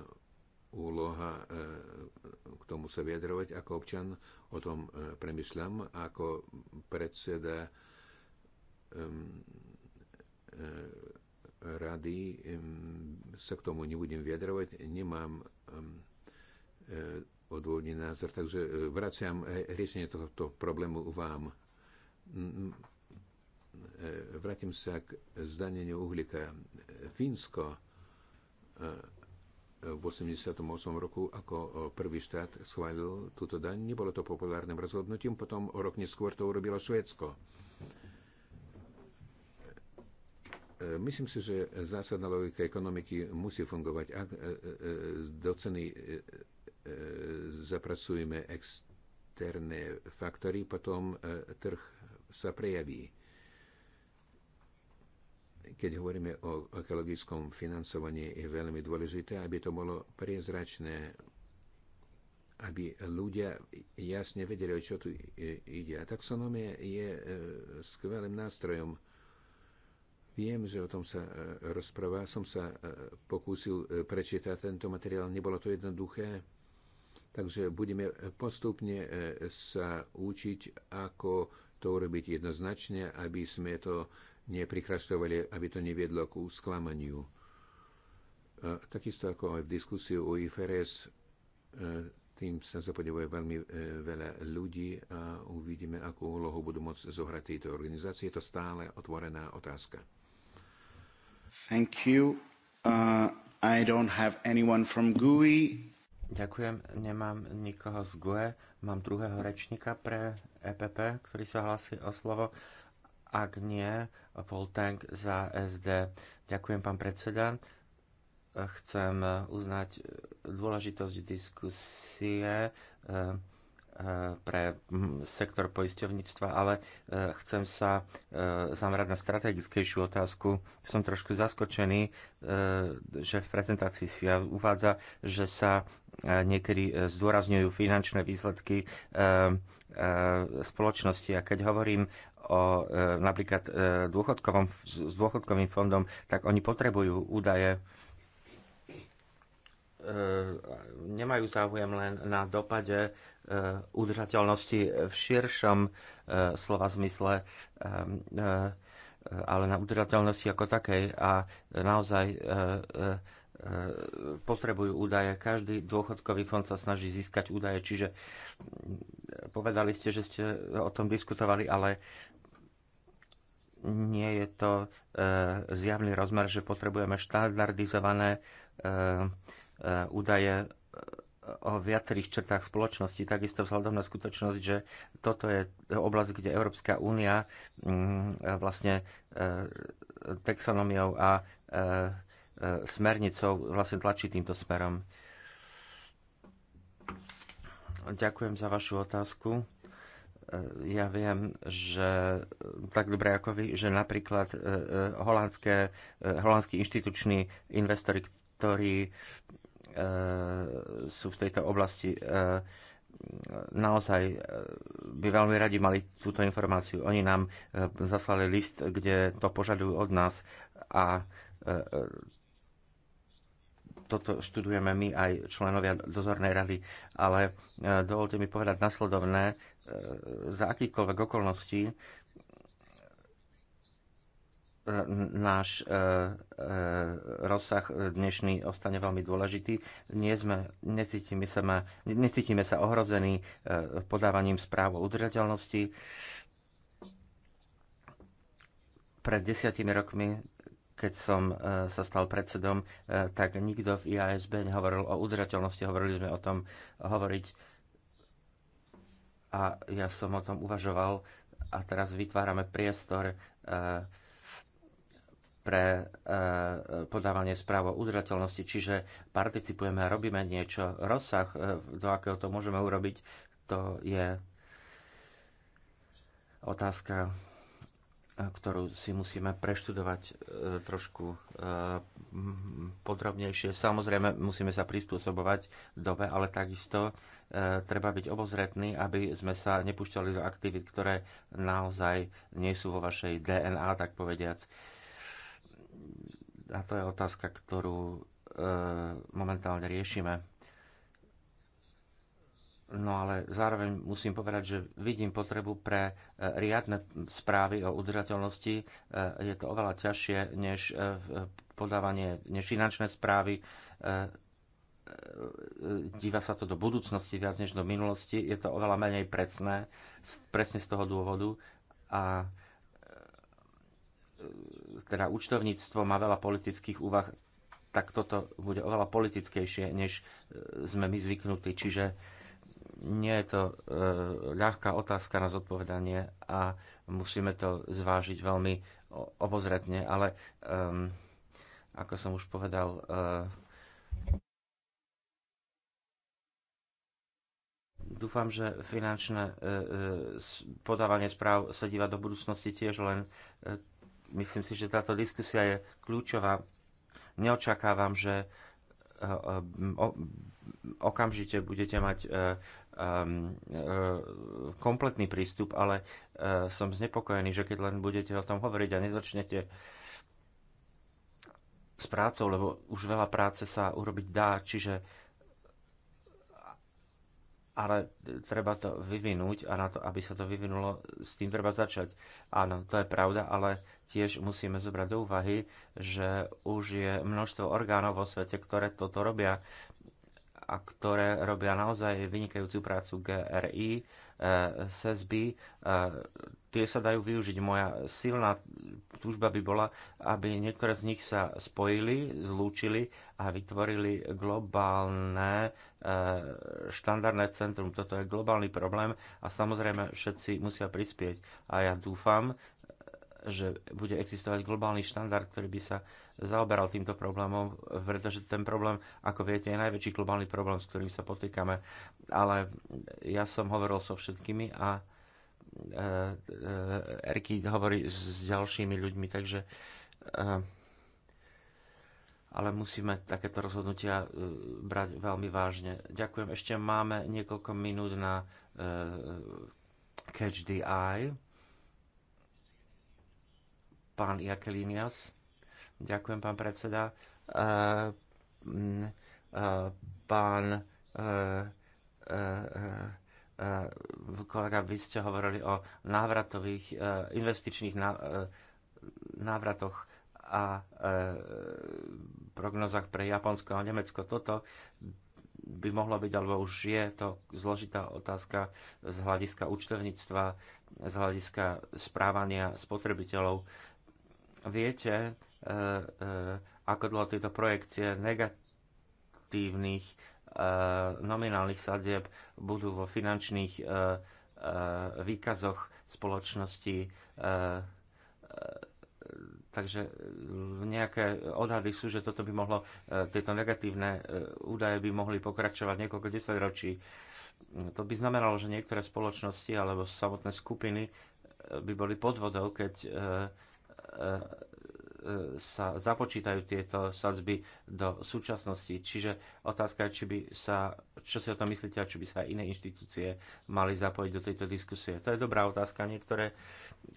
úloha e, k tomu sa vyjadrovať. Ako občan o tom premyšľam, ako predseda rady sa k tomu nebudem vyjadrovať. Nemám e, odvodný názor, takže e, vraciam e, riešenie tohoto problému vám. Vrátim sa k zdaneniu uhlíka. Fínsko v 88. roku ako prvý štát schválil túto daň. Nebolo to populárnym rozhodnutím, potom o rok neskôr to urobilo Švédsko E, myslím si, že zásadná logika ekonomiky musí fungovať. Ak e, e, do ceny zapracujeme externé faktory, potom trh sa prejaví. Keď hovoríme o ekologickom financovaní, je veľmi dôležité, aby to bolo priezračné, aby ľudia jasne vedeli, o čo tu ide. A taxonomia je skvelým nástrojom Viem, že o tom sa e, rozpráva. Som sa e, pokúsil e, prečítať tento materiál. Nebolo to jednoduché. Takže budeme postupne sa učiť, ako to urobiť jednoznačne, aby sme to neprikraštovali, aby to neviedlo ku sklamaniu. Takisto ako aj v diskusii o IFRS, tým sa zapodievajú veľmi veľa ľudí a uvidíme, akú úlohu budú môcť zohrať tieto organizácie. Je to stále otvorená otázka. Thank you. Uh, I don't have anyone from GUI. Ďakujem, nemám nikoho z GUE. Mám druhého rečníka pre EPP, ktorý sa hlási o slovo. Ak nie, Paul Tank za SD. Ďakujem, pán predseda. Chcem uznať dôležitosť diskusie eh, Eh, pre hm, sektor poisťovníctva, ale eh, chcem sa eh, zamerať na strategickejšiu otázku. Som trošku zaskočený, že v prezentácii si uvádza, že sa niekedy zdôrazňujú finančné výsledky spoločnosti. A keď hovorím o napríklad dôchodkovom, s dôchodkovým fondom, tak oni potrebujú údaje nemajú záujem len na dopade Eh, udržateľnosti v širšom eh, slova zmysle, eh, ale na udržateľnosti ako takej. A naozaj potrebujú údaje. Každý dôchodkový fond sa snaží získať údaje, čiže hm, povedali ste, že ste o tom diskutovali, ale nie je to zjavný rozmer, že potrebujeme štandardizované údaje o viacerých črtách spoločnosti, takisto vzhľadom na skutočnosť, že toto je oblasť, kde Európska únia mm, vlastne e, taxonomiou a e, e, smernicou vlastne tlačí týmto smerom. Ďakujem za vašu otázku. Ja viem, že tak dobre ako vy, že napríklad holandské, holandský inštitučný investori, ktorí E, sú v tejto oblasti e, naozaj e, by veľmi radi mali túto informáciu. Oni nám zaslali list, kde to požadujú od nás a toto študujeme my aj členovia dozornej rady, ale dovolte mi povedať nasledovné, za akýchkoľvek okolností E, náš e, e, rozsah dnešný ostane veľmi dôležitý. Nie sme, necítime, sa ma, necítime sa ohrození podávaním správ o udržateľnosti. Pred desiatimi rokmi, keď som sa stal predsedom, tak nikto v IASB nehovoril o udržateľnosti, hovorili sme o tom hovoriť. A ja som o tom uvažoval a teraz vytvárame priestor uh, pre eh, podávanie správ o udržateľnosti, čiže participujeme a robíme niečo. Rozsah, eh, do akého to môžeme urobiť, to je otázka, eh, ktorú si musíme preštudovať trošku podrobnejšie. Samozrejme, musíme sa prispôsobovať dobe, ale takisto treba byť obozretný, aby sme sa nepúšťali do aktivít, ktoré naozaj nie sú vo vašej DNA, tak povediac a to je otázka, ktorú e, momentálne riešime. No ale zároveň musím povedať, že vidím potrebu pre e, riadne správy o udržateľnosti. E, je to oveľa ťažšie než e, podávanie, než finančné správy. Díva sa to do budúcnosti viac než do minulosti. Je to oveľa menej presné, presne z toho dôvodu. A teda účtovníctvo má veľa politických úvah, tak toto bude oveľa politickejšie, než e, sme my zvyknutí. Čiže nie je to e, ľahká otázka na zodpovedanie a musíme to zvážiť veľmi obozretne, ale um, ako som už povedal, uh, dúfam, že finančné podávanie správ sa díva do budúcnosti tiež len Myslím si, že táto diskusia je kľúčová. Neočakávam, že e, e, okamžite budete mať e, kompletný prístup, ale som znepokojený, že keď len budete o tom hovoriť a nezačnete s prácou, lebo už veľa práce sa urobiť dá, čiže ale treba to vyvinúť a na to, aby sa to vyvinulo, s tým treba začať. Áno, to je pravda, ale tiež musíme zobrať do úvahy, že už je množstvo orgánov vo svete, ktoré toto robia a ktoré robia naozaj vynikajúcu prácu GRI E, SSB, e, tie sa dajú využiť. Moja silná túžba by bola, aby niektoré z nich sa spojili, zlúčili a vytvorili globálne e, štandardné centrum. Toto je globálny problém a samozrejme všetci musia prispieť. A ja dúfam, že bude existovať globálny štandard, ktorý by sa zaoberal týmto problémom, pretože ten problém, ako viete, je najväčší globálny problém, s ktorým sa potýkame. Ale ja som hovoril so všetkými a e, e, Erky hovorí s ďalšími ľuďmi, takže e, ale musíme takéto rozhodnutia brať veľmi vážne. Ďakujem. Ešte máme niekoľko minút na Catch the Eye. Pán Jakelinias. Ďakujem, pán predseda. E, e, pán e, kolega, vy ste hovorili o návratových investičných návratoch a prognozách pre Japonsko a Nemecko. Toto by mohlo byť, alebo už je to zložitá otázka z hľadiska účtovníctva, z hľadiska správania spotrebiteľov. Viete, e, e, ako dlho tieto projekcie negatívnych e, nominálnych sadzieb budú vo finančných výkazoch spoločnosti. Takže nejaké odhady sú, že toto by mohlo, tieto negatívne údaje by mohli pokračovať niekoľko desaťročí. To by znamenalo, že niektoré spoločnosti alebo samotné skupiny by boli pod vodou, keď E, e, sa započítajú tieto sadzby do súčasnosti. Čiže otázka je, či by sa, čo si o tom myslíte, a či by sa aj iné inštitúcie mali zapojiť do tejto diskusie. To je dobrá otázka. Niektoré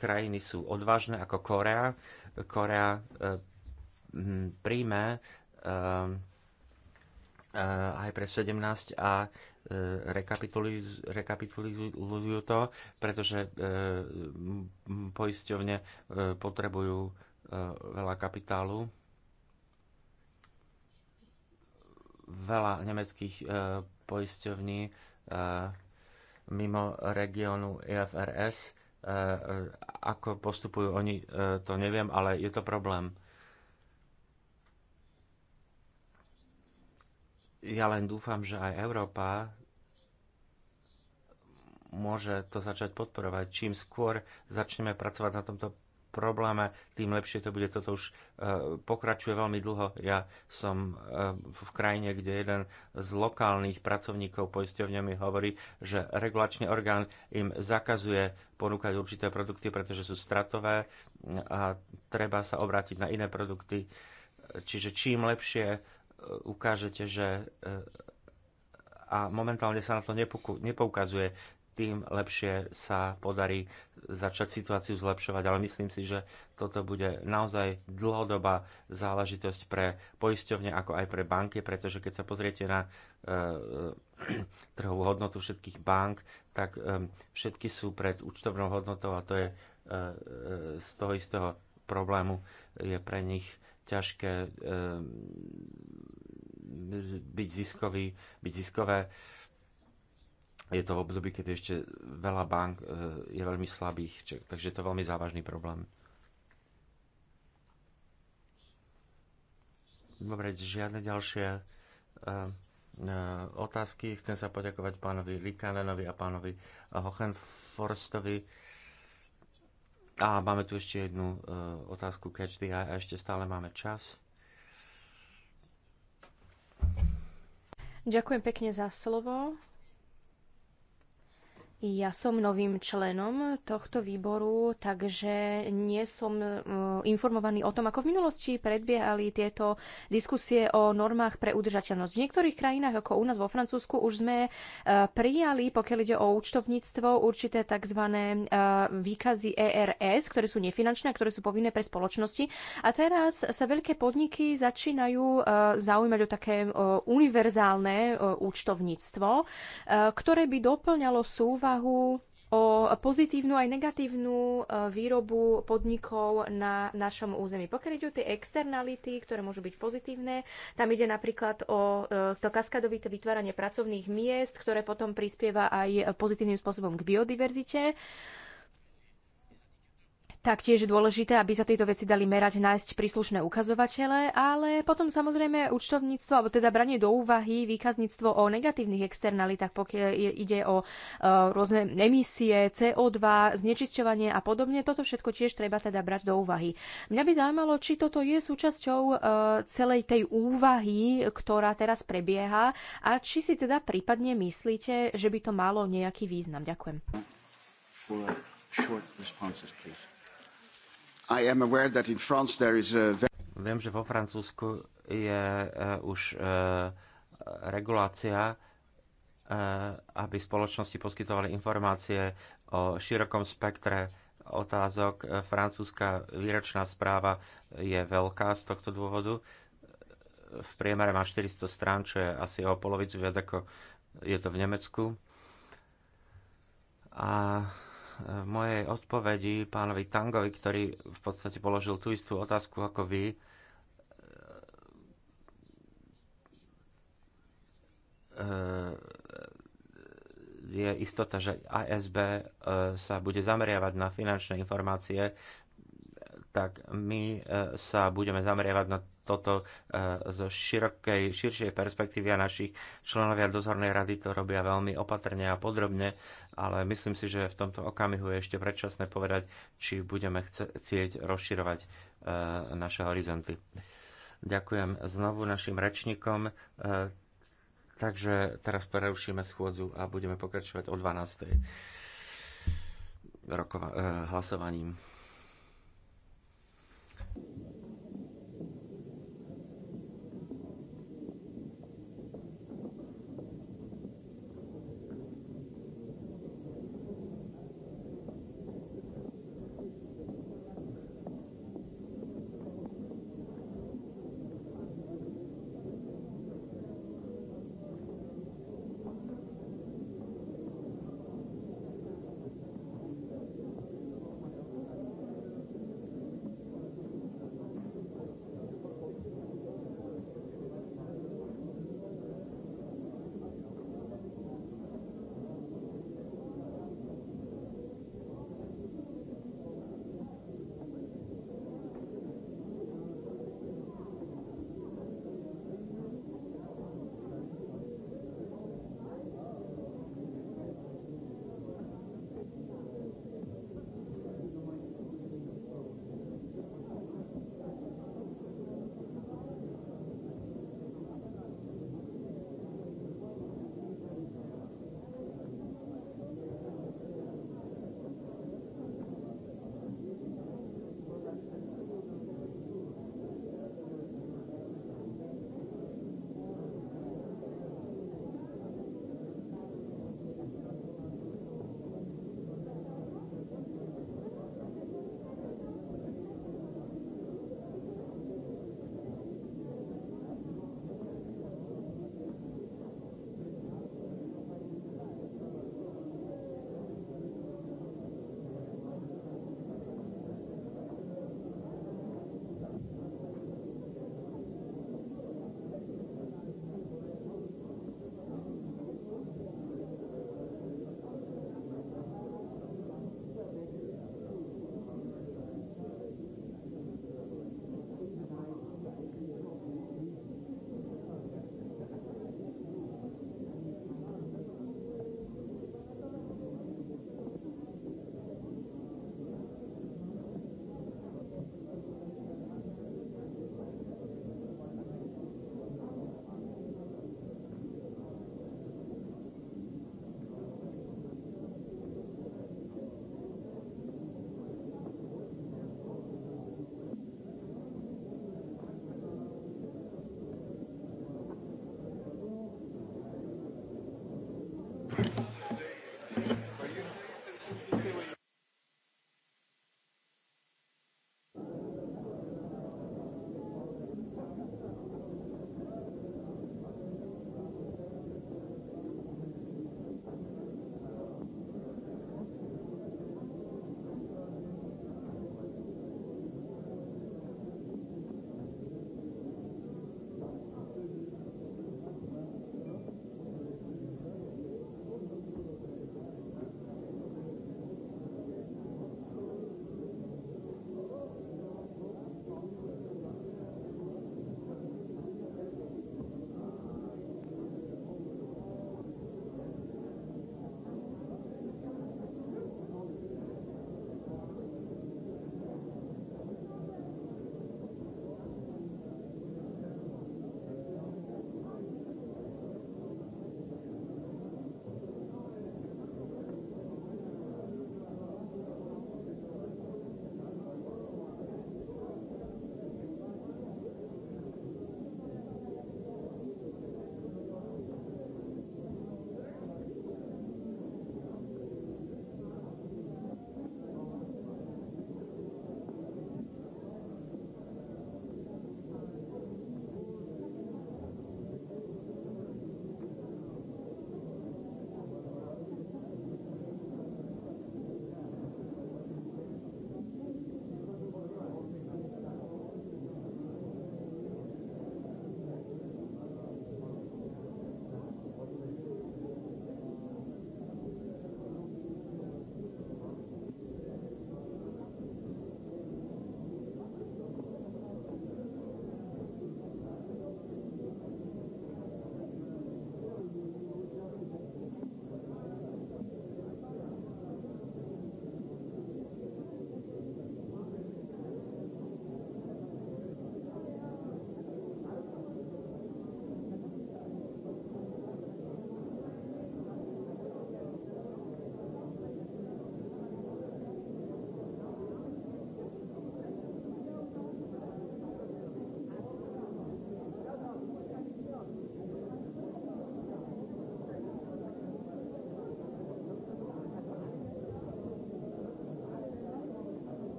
krajiny sú odvážne, ako Korea. Korea e, príjme aj pre 17 a E, rekapitulizujú to, pretože e, poisťovne e, potrebujú veľa kapitálu. Veľa nemeckých poisťovní mimo regiónu EFRS. Ako postupujú oni, to neviem, ale je to problém. ja len dúfam, že aj Európa môže to začať podporovať. Čím skôr začneme pracovať na tomto probléme, tým lepšie to bude. Toto už e, pokračuje veľmi dlho. Ja som e, v krajine, kde jeden z lokálnych pracovníkov poisťovňa mi hovorí, že regulačný orgán im zakazuje ponúkať určité produkty, pretože sú stratové a treba sa obrátiť na iné produkty. Čiže čím lepšie e, ukážete, že a momentálne sa na to nepoukazuje tým lepšie sa podarí začať situáciu zlepšovať. Ale myslím si, že toto bude naozaj dlhodobá záležitosť pre poisťovne, ako aj pre banky, pretože keď sa pozriete na uh, trhovú hodnotu všetkých bank, tak um, všetky sú pred účtovnou hodnotou a to je uh, z toho istého problému je pre nich ťažké byť ziskový, byť ziskové je to v období, keď ešte veľa bank e, je veľmi slabých, takže je to veľmi závažný problém. Dobre, žiadne ďalšie e, e, otázky. Chcem sa poďakovať pánovi Likanenovi a pánovi Hochenforstovi. A máme tu ešte jednu otázku Catch the Eye a ešte stále máme čas. Ďakujem pekne za slovo. Ja som novým členom tohto výboru, takže nie som e, informovaný o tom, ako v minulosti predbiehali tieto diskusie o normách pre udržateľnosť. V niektorých krajinách, ako u nás vo Francúzsku, už sme e, prijali, pokiaľ ide o účtovníctvo, určité tzv. E, výkazy ERS, ktoré sú nefinančné a ktoré sú povinné pre spoločnosti. A teraz sa veľké podniky začínajú zaujímať o také univerzálne účtovníctvo, ktoré by doplňalo súva úvahu o pozitívnu aj negatívnu e, výrobu podnikov na našom území. Pokiaľ ide o tie externality, ktoré môžu byť pozitívne, tam ide napríklad o e, to kaskadovité vytváranie pracovných miest, ktoré potom prispieva aj pozitívnym spôsobom k biodiverzite. Taktiež je dôležité, aby sa tieto veci dali merať, nájsť príslušné ukazovatele, ale potom samozrejme účtovníctvo, alebo teda branie do úvahy výkazníctvo o negatívnych externalitách, pokiaľ ide o e, rôzne emisie, CO2, znečisťovanie a podobne. Toto všetko tiež treba teda brať do úvahy. Mňa by zaujímalo, či toto je súčasťou e, celej tej úvahy, ktorá teraz prebieha a či si teda prípadne myslíte, že by to malo nejaký význam. Ďakujem. For short responses, please. Viem, že vo Francúzsku je eh, už eh, regulácia, eh, aby spoločnosti poskytovali informácie o širokom spektre otázok. Francúzska výročná správa je veľká z tohto dôvodu. V priemere má 400 strán, čo je asi o polovicu viac ako je to v Nemecku. A v mojej odpovedi pánovi Tangovi, ktorý v podstate položil tú istú otázku ako vy, e, je istota, že ASB e, sa bude zameriavať na finančné informácie, tak my e, sa budeme zameriavať na toto zo širokej, širšej perspektívy a našich členovia dozornej rady to robia veľmi opatrne a podrobne ale myslím si, že v tomto okamihu je ešte predčasné povedať, či budeme chcieť rozširovať e, naše horizonty. Ďakujem znovu našim rečníkom. E, takže teraz prerušíme schôdzu a budeme pokračovať o 12. Rokova- e, hlasovaním.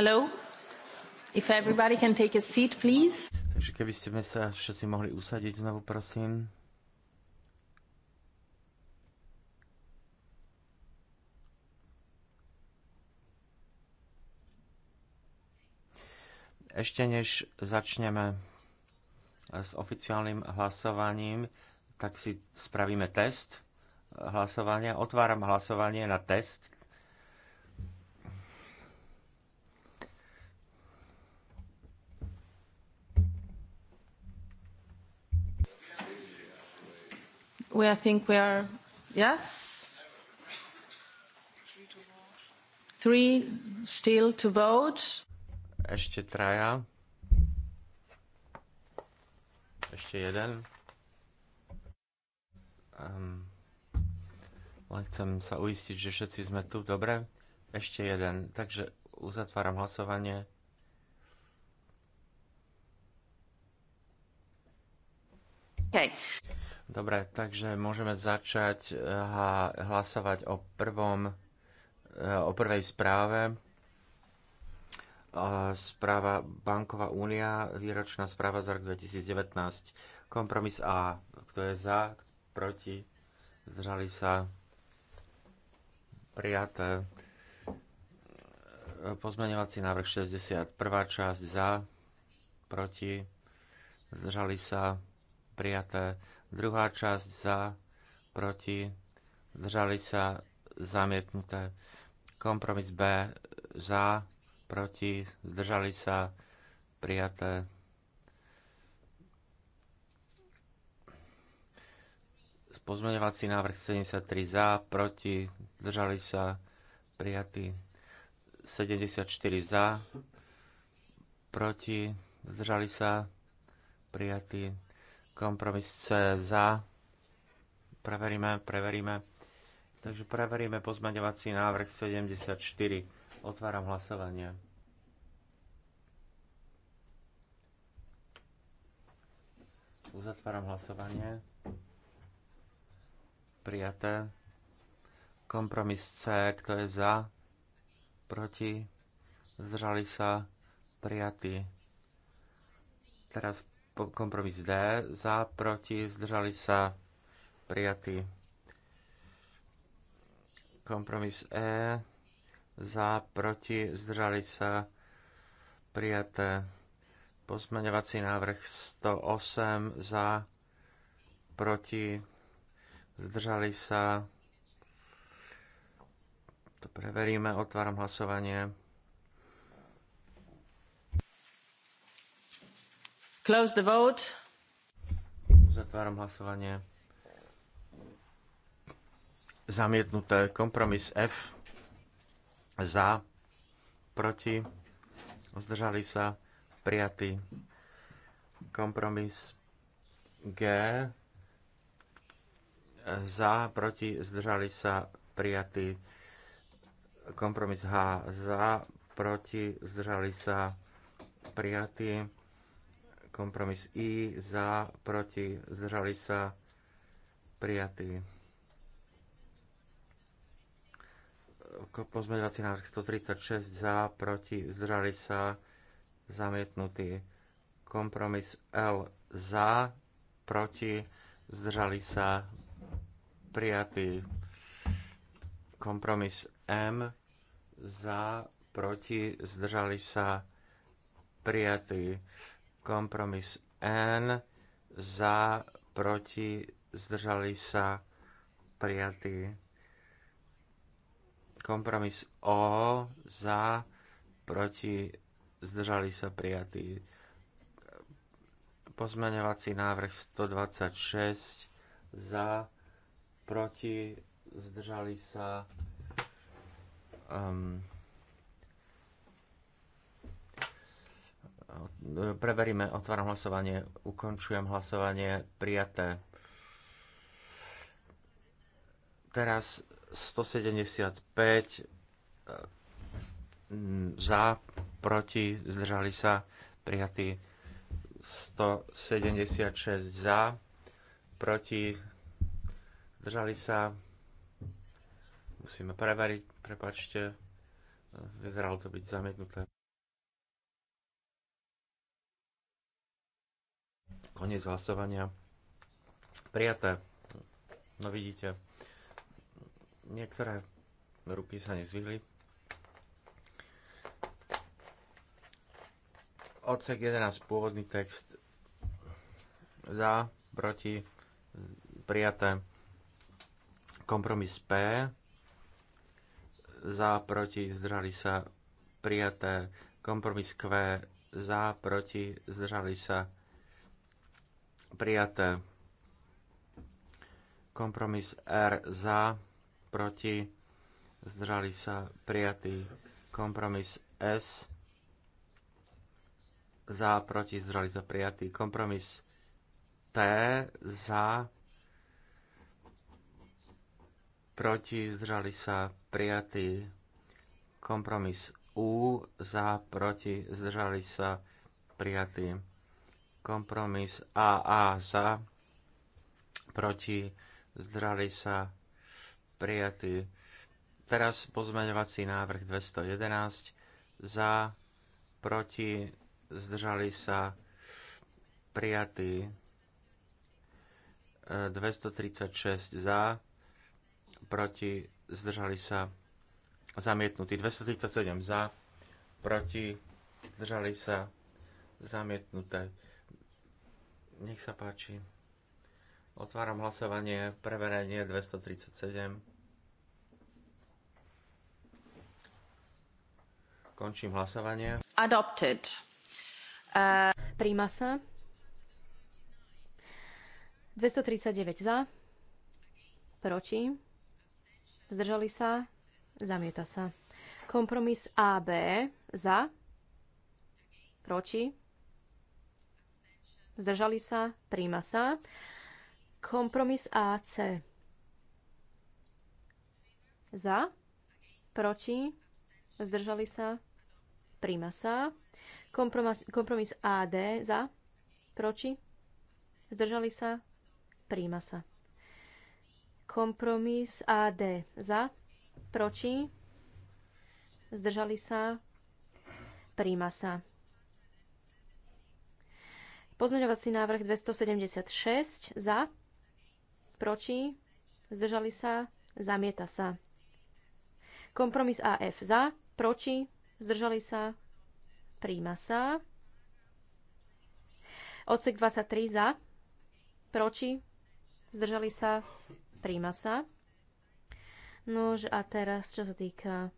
Takže keby ste sa všetci mohli usadiť znovu, prosím. Ešte než začneme s oficiálnym hlasovaním, tak si spravíme test hlasovania. Otváram hlasovanie na test we I think we are yes three still to vote ešte traja ešte jeden um, len chcem sa uistiť, že všetci sme tu dobre ešte jeden takže uzatváram hlasovanie okay. Dobre, takže môžeme začať eh, hlasovať o prvom, eh, o prvej správe. Eh, správa Banková únia, výročná správa za rok 2019. Kompromis A. Kto je za, proti, zdržali sa, prijaté. Pozmeňovací návrh 60. Prvá časť za, proti, zdržali sa, prijaté Druhá časť za, proti, zdržali sa zamietnuté. Kompromis B za, proti, zdržali sa prijaté. Pozmeňovací návrh 73 za, proti, zdržali sa prijatí 74 za, proti, zdržali sa prijatí Kompromis C za. Preveríme, preveríme. Takže preveríme pozmaňovací návrh 74. Otváram hlasovanie. Uzatváram hlasovanie. Prijaté. Kompromis C, kto je za, proti, zdržali sa, prijatý. Teraz kompromis D, za, proti, zdržali sa, prijatý. Kompromis E, za, proti, zdržali sa, prijaté. Pozmeňovací návrh 108, za, proti, zdržali sa. To preveríme, otváram hlasovanie. Close the vote. hlasovanie. Zamietnuté. Kompromis F. Za. Proti. Zdržali sa. Prijatý. Kompromis G. Za. Proti. Zdržali sa. Prijatý. Kompromis H. Za. Proti. Zdržali sa. Prijatý Kompromis I za, proti, zdržali sa, prijatý. Pozmeňovací návrh 136 za, proti, zdržali sa, zamietnutý. Kompromis L za, proti, zdržali sa, prijatý. Kompromis M za, proti, zdržali sa, prijatý Kompromis N za, proti, zdržali sa, prijatý. Kompromis O za, proti, zdržali sa, prijatý. Pozmeňovací návrh 126 za, proti, zdržali sa, um, Preveríme, otváram hlasovanie, ukončujem hlasovanie, prijaté. Teraz 175 eh, za, proti, zdržali sa, prijatí 176 za, proti, zdržali sa, musíme preveriť, prepačte, eh, vyzeralo to byť zamietnuté. Koniec hlasovania. Prijaté. No vidíte, niektoré ruky sa nezvihli. Odsek 11, pôvodný text. Za, proti, prijaté. Kompromis P. Za, proti, zdrali sa, prijaté. Kompromis Q. Za, proti, zdrali sa, prijaté Prijaté. Kompromis R za, proti, zdržali sa, prijatý. Kompromis S za, proti, zdržali sa, prijatý. Kompromis T za, proti, zdržali sa, prijatý. Kompromis U za, proti, zdržali sa, prijatý Kompromis AA za, proti, zdrali sa, prijatý. Teraz pozmeňovací návrh 211 za, proti, zdržali sa, prijatý. 236 e, za, proti, zdržali sa, zamietnutý. 237 za, proti, zdržali sa, zamietnuté. Nech sa páči. Otváram hlasovanie, preverenie 237. Končím hlasovanie. Adopted. Uh... Príjma sa. 239 za. Proti. Zdržali sa. Zamieta sa. Kompromis AB za. Proti zdržali sa, príjma sa. Kompromis AC. Za, proti, zdržali sa, príjma sa. Kompromis, kompromis AD za, proti, zdržali sa, príjma sa. Kompromis AD za, proti, zdržali sa, príjma sa. Pozmeňovací návrh 276 za, proti, zdržali sa, zamieta sa. Kompromis AF za, proti, zdržali sa, príjma sa. Odsek 23 za, proti, zdržali sa, príjma sa. Nož a teraz, čo sa týka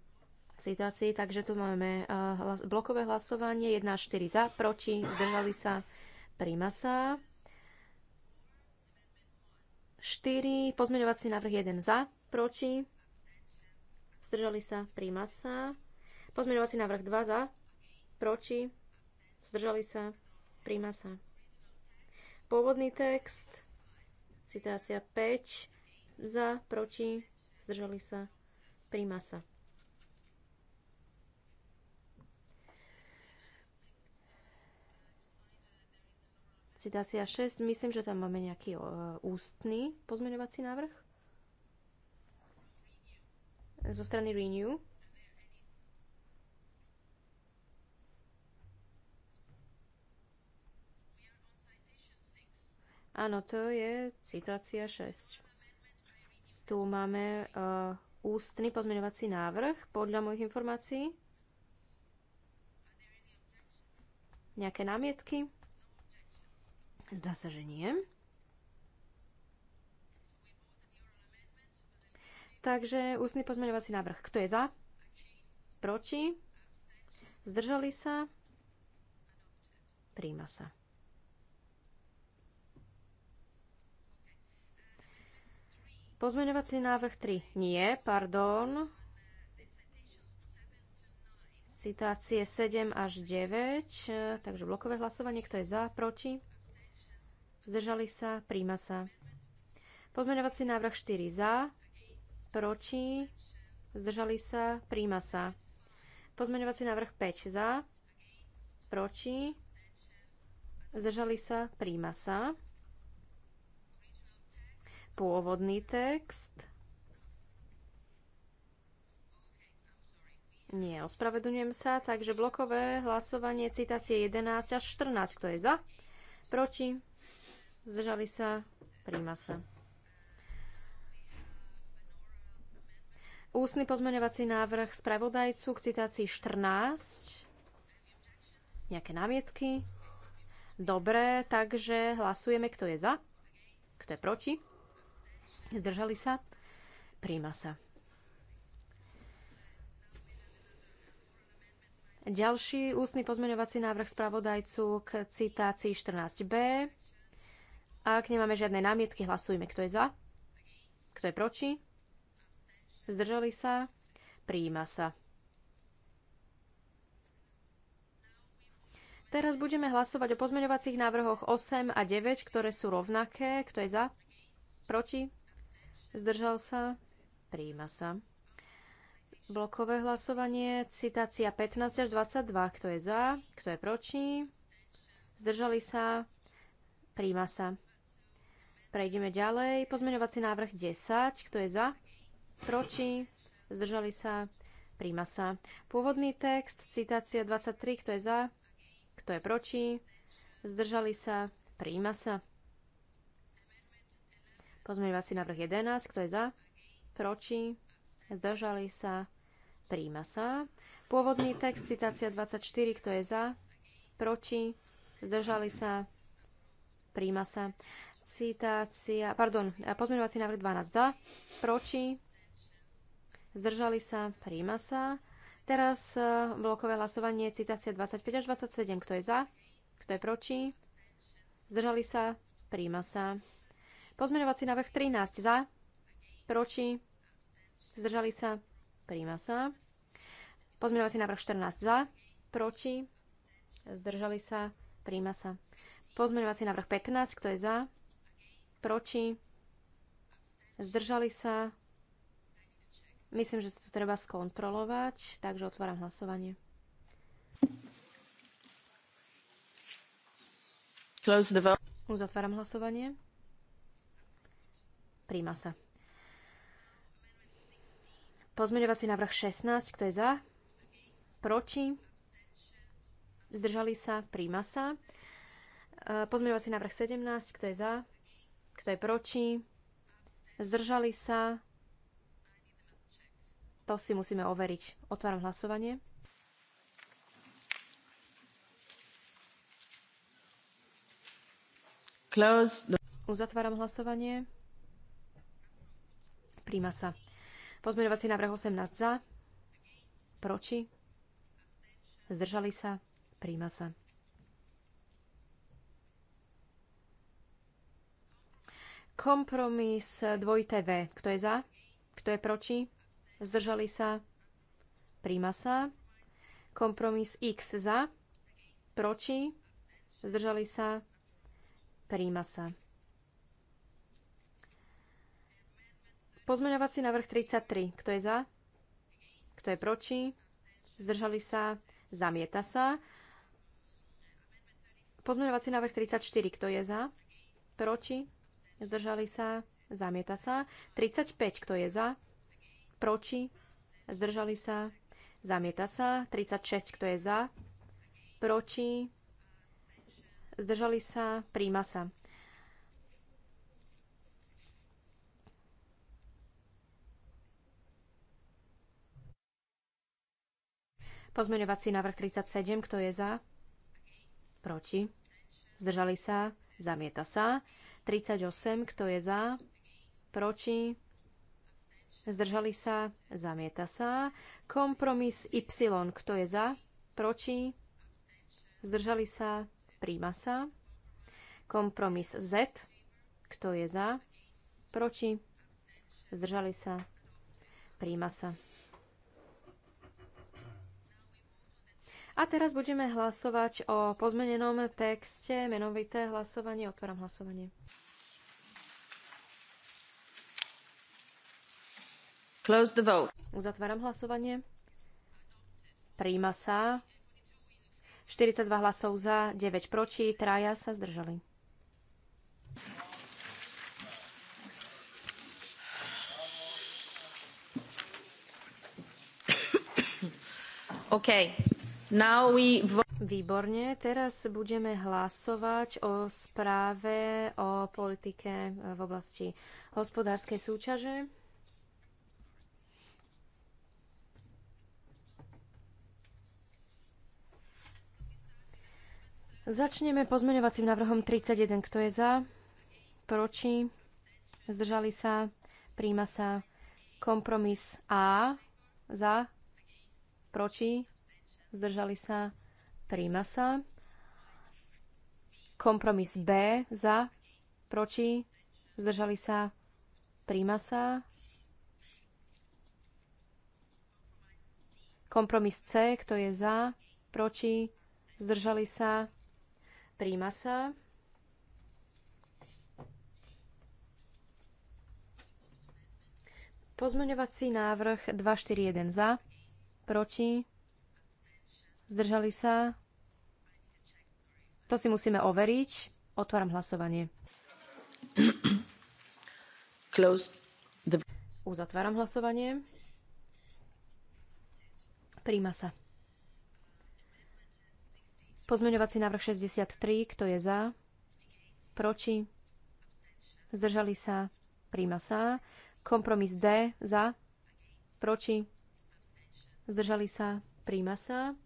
citácií, takže tu máme uh, hlas blokové hlasovanie 1 4 za, proti, zdržali sa, Príjma sa. 4. Pozmeňovací návrh 1 za, proti. Zdržali sa. Príjma sa. Pozmeňovací návrh 2 za, proti. Zdržali sa. Príjma sa. Pôvodný text. Citácia 5 za, proti. Zdržali sa. Príjma sa. až 6, myslím, že tam máme nejaký e, ústny pozmeňovací návrh zo strany Renew. Áno, to je citácia 6. Tu máme uh, ústny pozmeňovací návrh, podľa mojich informácií. Nejaké námietky? Zdá sa, že nie. Takže ústny pozmeňovací návrh. Kto je za? Proti? Zdržali sa? Príjma sa. Pozmeňovací návrh 3. Nie, pardon. Citácie 7 až 9, takže blokové hlasovanie, kto je za, proti? zdržali sa, príjma sa. Pozmeňovací návrh 4 za, proti, zdržali sa, príjma sa. Pozmeňovací návrh 5 za, proti, zdržali sa, príjma sa. Pôvodný text. Nie, ospravedlňujem sa, takže blokové hlasovanie citácie 11 až 14, kto je za? Proti? Zdržali sa? Príjma sa. Ústny pozmeňovací návrh spravodajcu k citácii 14. Nejaké námietky? Dobre, takže hlasujeme, kto je za, kto je proti. Zdržali sa? Príjma sa. Ďalší ústny pozmeňovací návrh spravodajcu k citácii 14b. Ak nemáme žiadne námietky, hlasujme, kto je za, kto je proti, zdržali sa, prijíma sa. Teraz budeme hlasovať o pozmeňovacích návrhoch 8 a 9, ktoré sú rovnaké. Kto je za? Proti? Zdržal sa? Prijíma sa. Blokové hlasovanie, citácia 15 až 22. Kto je za? Kto je proti? Zdržali sa? Prijíma sa. Prejdeme ďalej. Pozmeňovací návrh 10. Kto je za? Proti? Zdržali sa? Príjma sa. Pôvodný text, citácia 23. Kto je za? Kto je proti? Zdržali sa? Príjma sa. Pozmeňovací návrh 11. Kto je za? Proti? Zdržali sa? Príjma sa. Pôvodný text, citácia 24. Kto je za? Proti? Zdržali sa? Príjma sa citácia, pardon, pozmeňovací návrh 12 za, proti, zdržali sa, príjma sa. Teraz e, blokové hlasovanie citácia 25 až 27. Kto je za? Kto je proti? Zdržali sa? Príjma sa. Pozmeňovací návrh 13 za? Proti? Zdržali sa? Príjma sa. Pozmeňovací návrh 14 za? Proti? Zdržali sa? Príjma sa. Pozmeňovací návrh 15. Kto je za? proti, zdržali sa. Myslím, že to treba skontrolovať, takže otváram hlasovanie. Close the vote. Uzatváram hlasovanie. Príjma sa. Pozmeňovací návrh 16, kto je za? Proti? Zdržali sa? Príjma sa. E, pozmeňovací návrh 17, kto je za? Kto je proti? Zdržali sa? To si musíme overiť. Otváram hlasovanie. Uzatváram hlasovanie. Príjma sa. Pozmeňovací návrh 18 za. Proti. Zdržali sa. Príjma sa. Kompromis eh, dvojité V. Kto je za? Kto je proti? Zdržali sa? Príma sa. Kompromis X za? Proti? Zdržali sa? Príma sa. Pozmeňovací návrh 33. Kto je za? Kto je proti? Zdržali sa? Zamieta sa. Pozmeňovací návrh 34. Kto je za? Proti? zdržali sa, zamieta sa. 35, kto je za, proti, zdržali sa, zamieta sa. 36, kto je za, proti, zdržali sa, príjma sa. Pozmeňovací návrh 37, kto je za? Proti. Zdržali sa? Zamieta sa. 38, kto je za, proti, zdržali sa, zamieta sa. Kompromis Y, kto je za, proti, zdržali sa, príjma sa. Kompromis Z, kto je za, proti, zdržali sa, príjma sa. A teraz budeme hlasovať o pozmenenom texte, menovité hlasovanie. Otváram hlasovanie. Close the vote. Uzatváram hlasovanie. Príjma sa. 42 hlasov za, 9 proti, traja sa zdržali. OK. Výborne, teraz budeme hlasovať o správe o politike e, v oblasti hospodárskej súťaže. Začneme pozmeňovacím návrhom 31. Kto je za? Proti? Zdržali sa? Príjma sa? Kompromis A. Za? Proti? zdržali sa, príjma sa. Kompromis B za, proti, zdržali sa, príjma sa. Kompromis C, kto je za, proti, zdržali sa, príjma sa. Pozmeňovací návrh 241 za, proti, Zdržali sa? To si musíme overiť. Otváram hlasovanie. Uzatváram hlasovanie. Príjma sa. Pozmeňovací návrh 63. Kto je za? Proti? Zdržali sa? Príjma sa. Kompromis D. Za? Proti? Zdržali sa? Príjma sa.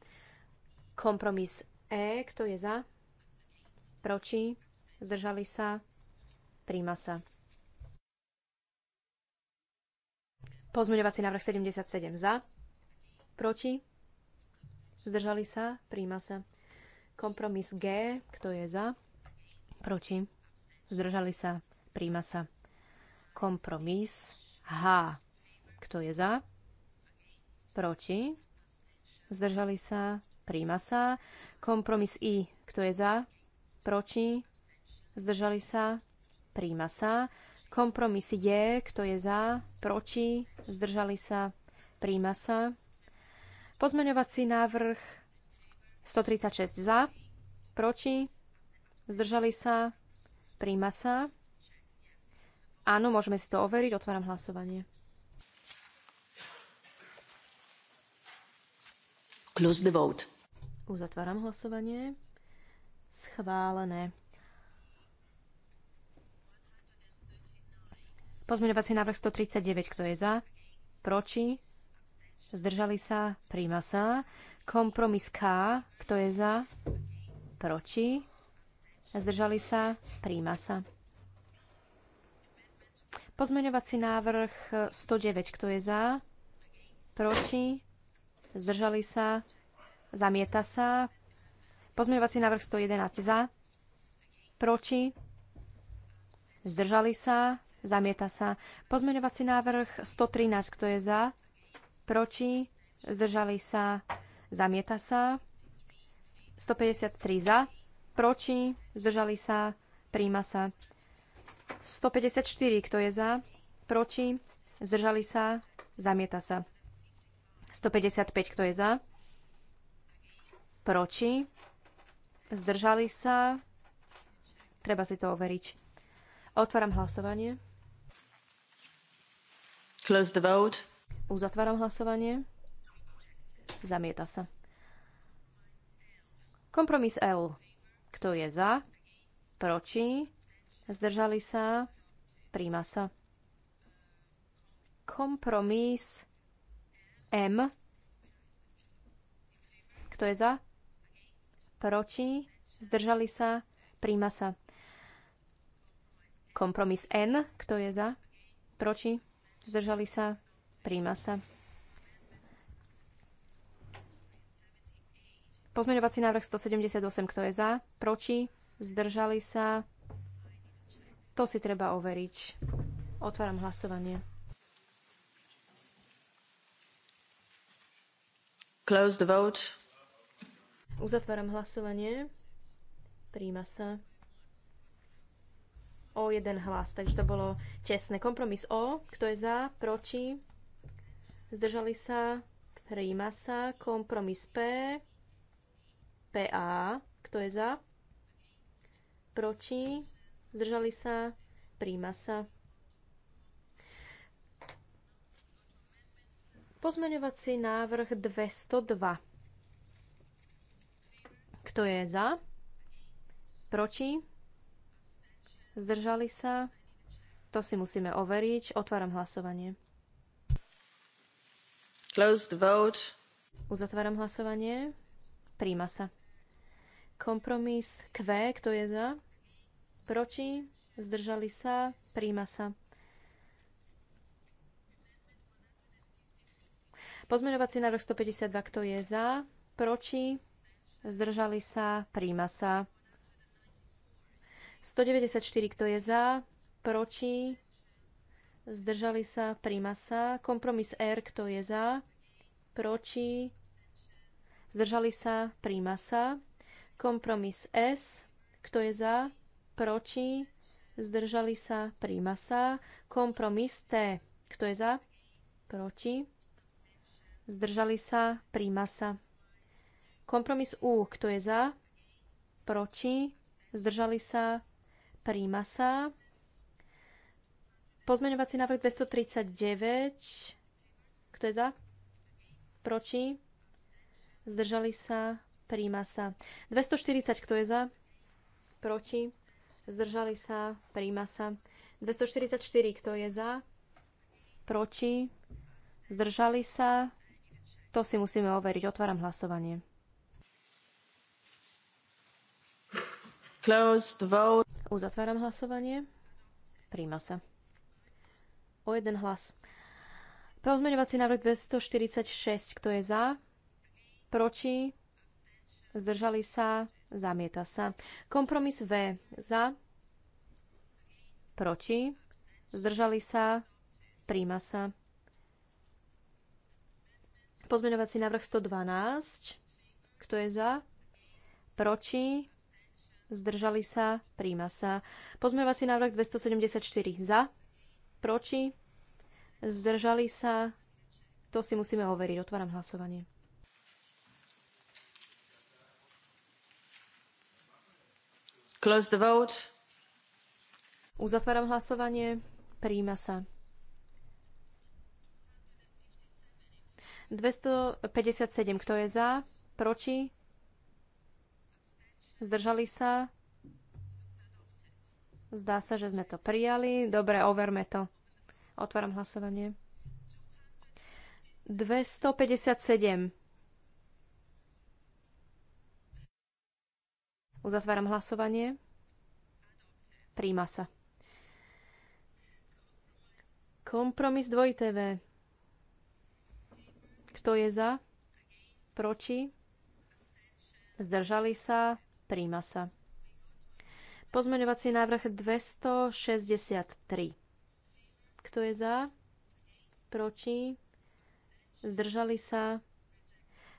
Kompromis E, kto je za? Proti? Zdržali sa? Príjma sa. Pozmeňovací návrh 77 za. Proti? Zdržali sa? Príjma sa. Kompromis G, kto je za? Proti? Zdržali sa? Príjma sa. Kompromis H, kto je za? Proti? Zdržali sa? Príjma sa. Kompromis I. Kto je za? Proti? Zdržali sa? Príjma sa. Kompromis J. Kto je za? Proti? Zdržali sa? Príjma sa. Pozmeňovací návrh 136 za, proti, zdržali sa, príjma sa. Áno, môžeme si to overiť, otváram hlasovanie. Close the vote. Uzatváram hlasovanie. Schválené. Pozmeňovací návrh 139, kto je za? Proči? Zdržali sa? Príjma sa. Kompromis K, kto je za? Proči? Zdržali sa? Príjma sa. Pozmeňovací návrh 109, kto je za? Proti? Zdržali sa? Zamieta sa. Pozmeňovací návrh 111 za. Proti. Zdržali sa. Zamieta sa. Pozmeňovací návrh 113, kto je za? Proti. Zdržali sa. Zamieta sa. 153 za. Proti. Zdržali sa. Príjma sa. 154, kto je za? Proti. Zdržali sa. Zamieta sa. 155, kto je za? proti, zdržali sa, treba si to overiť. Otváram hlasovanie. Close the vote. Uzatváram hlasovanie. Zamieta sa. Kompromis L. Kto je za? Proti? Zdržali sa? Príjma sa. Kompromis M. Kto je za? proti, zdržali sa, príjma sa. Kompromis N, kto je za, proti, zdržali sa, príjma sa. Pozmeňovací návrh 178, kto je za, proti, zdržali sa, to si treba overiť. Otváram hlasovanie. Close the vote. Uzatváram hlasovanie. Príjma sa. O jeden hlas, takže to bolo tesné. Kompromis O, kto je za, proti, zdržali sa, príjma sa. Kompromis P, PA, kto je za, proti, zdržali sa, príjma sa. Pozmeňovací návrh 202. Kto je za? Proti? Zdržali sa? To si musíme overiť. Otváram hlasovanie. Close the vote. Uzatváram hlasovanie. Príjma sa. Kompromis Q. Kto je za? Proti? Zdržali sa? Príjma sa. Pozmeňovací návrh 152. Kto je za? Proti? zdržali sa, príjma sa. 194, kto je za, proti, zdržali sa, príjma sa. Kompromis R, kto je za, proti, zdržali sa, príjma sa. Kompromis S, kto je za, proti, zdržali sa, príjma sa. Kompromis T, kto je za, proti, zdržali sa, príjma sa. Kompromis U, kto je za, proti, zdržali sa, príjma sa. Pozmeňovací návrh 239, kto je za, proti, zdržali sa, príjma sa. 240, kto je za, proti, zdržali sa, príjma sa. 244, kto je za, proti, zdržali sa, to si musíme overiť. Otváram hlasovanie. Close the vote. Uzatváram hlasovanie. Príjma sa. O jeden hlas. Pozmeňovací návrh 246. Kto je za? Proti? Zdržali sa? Zamieta sa. Kompromis V. Za? Proti? Zdržali sa? Príjma sa. Pozmeňovací návrh 112. Kto je za? Proti? zdržali sa, príjma sa. Pozmeňovací návrh 274 za, proti, zdržali sa. To si musíme overiť. Otváram hlasovanie. Close the vote. Uzatváram hlasovanie. Príjma sa. 257. Kto je za? Proti? Zdržali sa? Zdá sa, že sme to prijali. Dobre, overme to. Otváram hlasovanie. 257. Uzatváram hlasovanie. Príjma sa. Kompromis 2TV. Kto je za? Proti? Zdržali sa? Príjma sa. Pozmeňovací návrh 263. Kto je za? Proti? Zdržali sa?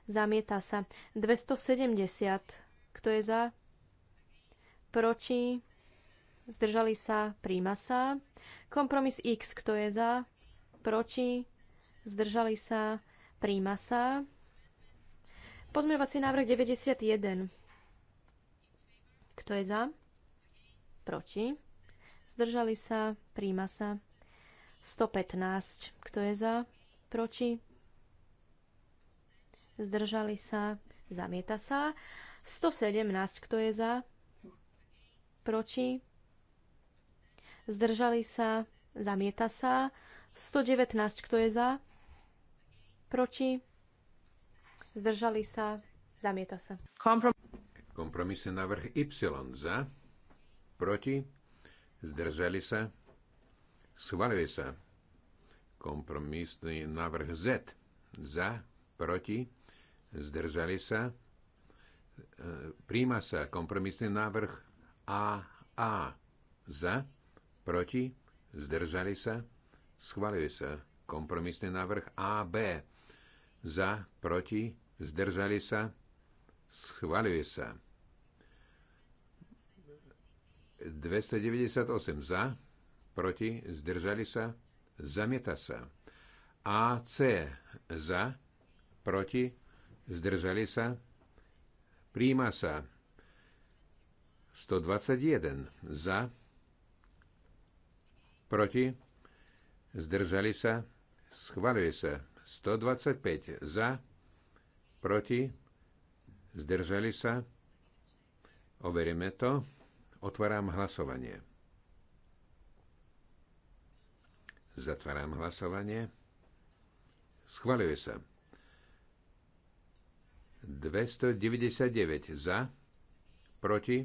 Zamieta sa. 270. Kto je za? Proti? Zdržali sa? Príjma sa. Kompromis X. Kto je za? Proti? Zdržali sa? Príjma sa. Pozmeňovací návrh 91. Kto je za? Proti. Zdržali sa? Príjma sa. 115. Kto je za? Proti. Zdržali sa? Zamieta sa. 117. Kto je za? Proti. Zdržali sa? Zamieta sa. 119. Kto je za? Proti. Zdržali sa? Zamieta sa. Kompromis. Kompromisný návrh Y za, proti, zdržali sa, schvaľuje sa. Kompromisný návrh Z za, proti, zdržali sa, e, príjma sa kompromisný návrh AA za, proti, zdržali sa, schvaľuje sa kompromisný návrh AB za, proti, zdržali sa, schvaľuje sa. 298 za, proti, zdržali sa, zamieta sa. AC za, proti, zdržali sa, príjma sa. 121 za, proti, zdržali sa, schvaluje sa. 125 za, proti, zdržali sa, overíme to. Otváram hlasovanie. Zatváram hlasovanie. Schvaľuje sa. 299 za, proti,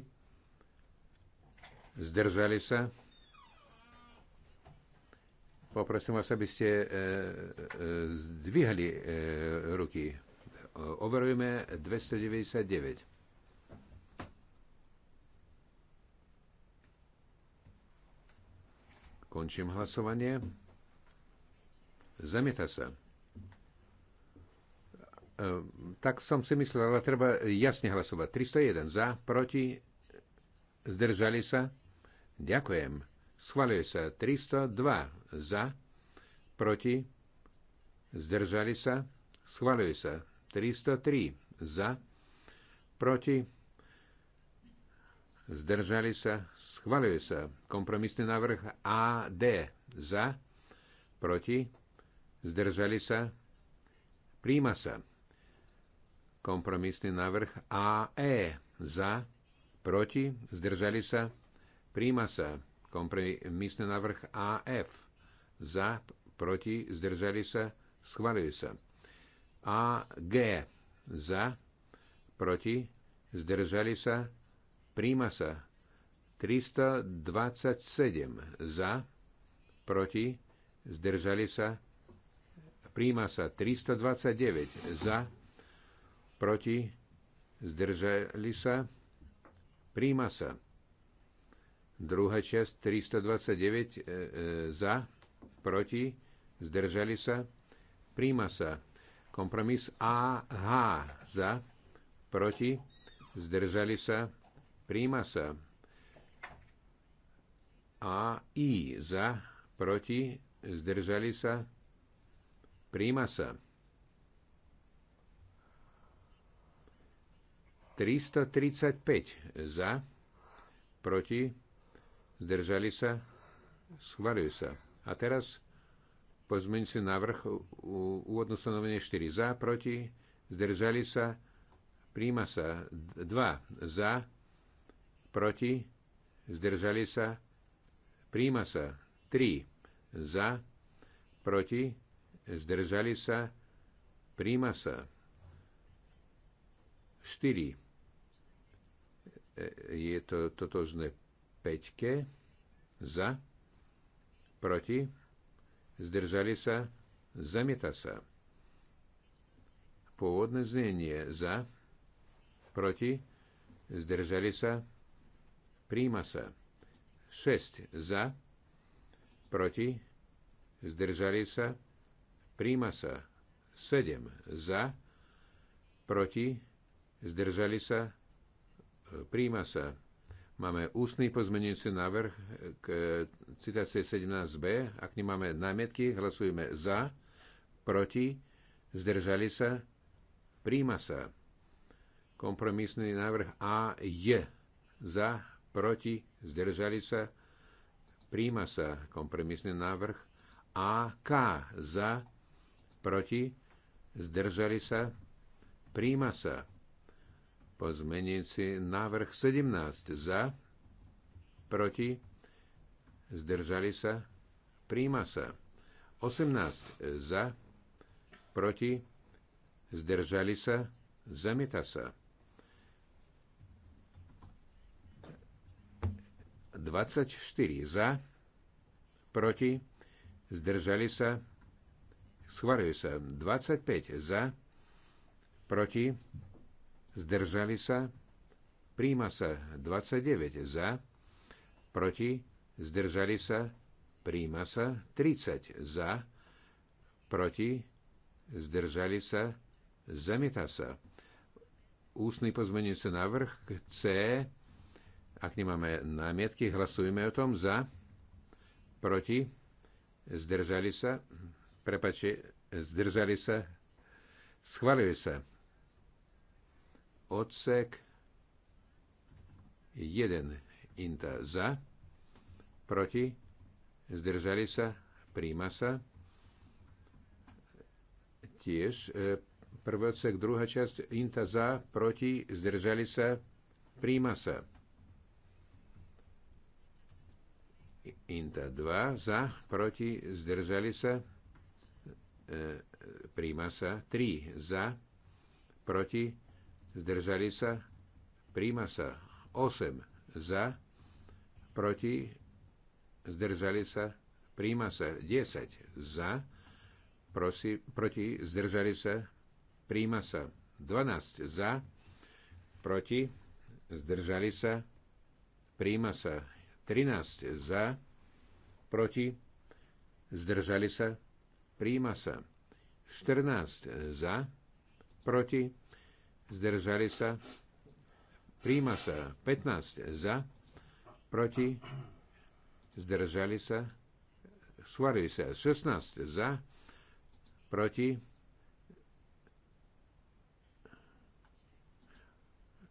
zdržali sa. Poprosím vás, aby ste e, e, zdvihali e, ruky. Overujeme 299. Končím hlasovanie. Zamieta sa. E, tak som si myslel, ale treba jasne hlasovať. 301 za, proti, zdržali sa. Ďakujem. Schvaľuje sa 302 za, proti, zdržali sa. Schvaľuje sa 303 za, proti, zdržali sa, schvaľuje sa. Kompromisný návrh AD za, proti, zdržali sa, príjma sa. Kompromisný návrh AE za, proti, zdržali sa, príjma sa. Kompromisný návrh AF za, proti, zdržali sa, schvaľuje sa. AG za, proti, zdržali sa, Príjma sa 327 za, proti, zdržali sa. Príjma sa 329 za, proti, zdržali sa. Príjma sa. Druhá časť 329 e, e, za, proti, zdržali sa. Príjma sa. Kompromis AH za, proti, zdržali sa Príjma sa. A I za, proti, zdržali sa. Príjma sa. 335 za, proti, zdržali sa, schváľujú sa. A teraz si navrh úvodno stanovenie 4 za, proti, zdržali sa, príjma sa 2 za, proti, zdržali sa, príjma sa 3 za, proti, zdržali sa, príjma sa 4. E, je to totožné 5 za, proti, zdržali sa, zamieta sa. Pôvodné znenie za, proti, zdržali sa, Príjma sa. 6 za, proti, zdržali sa. Príjma sa. 7 za, proti, zdržali sa. Príjma sa. Máme ústny pozmenujúci návrh k citácie 17b. Ak nemáme námietky, hlasujeme za, proti, zdržali sa, príjma sa. Kompromisný návrh A je za, proti, zdržali sa, príjma sa kompromisný návrh AK za, proti, zdržali sa, príjma sa pozmeniaci návrh 17 za, proti, zdržali sa, príjma sa 18 za, proti, zdržali sa, zamieta sa. 24 za, proti, zdržali sa, schváľuje sa 25 za, proti, zdržali sa, príjma sa 29 za, proti, zdržali sa, príjma sa 30 za, proti, zdržali sa, zamieta sa. Ústny pozmenujúci návrh C ak nemáme námietky, hlasujeme o tom za, proti, zdržali sa, prepače, zdržali sa, schvaľuje sa. Odsek 1 inta za, proti, zdržali sa, príjma sa. Tiež e, prvý odsek, druhá časť, inta za, proti, zdržali sa, príjma sa. Inta 2 za, proti, zdržali sa, e, príjma sa. 3 za, proti, zdržali sa, príjma sa. 8 za, proti, zdržali sa, príjma sa. 10 za, prosi, proti, zdržali sa, príjma sa. 12 za, proti, zdržali sa, príjma sa. 13 za, proti, zdržali sa, príjma sa. 14 za, proti, zdržali sa, príjma sa. 15 za, proti, zdržali sa, schválili sa. 16 za, proti,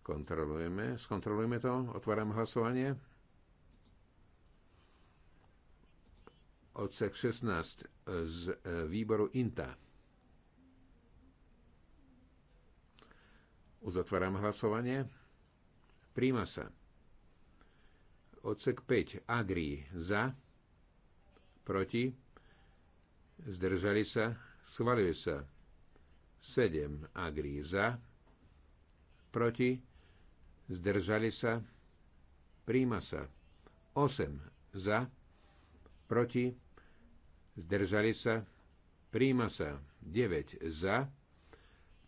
kontrolujeme, skontrolujeme to, otváram hlasovanie. odsek 16 e, z e, výboru INTA. Uzatváram hlasovanie. Príjma sa. Odsek 5. Agri. Za. Proti. Zdržali sa. Schvaľuje sa. 7. Agri. Za. Proti. Zdržali sa. Príjma sa. 8. Za. Proti zdržali sa, príjma sa 9 za,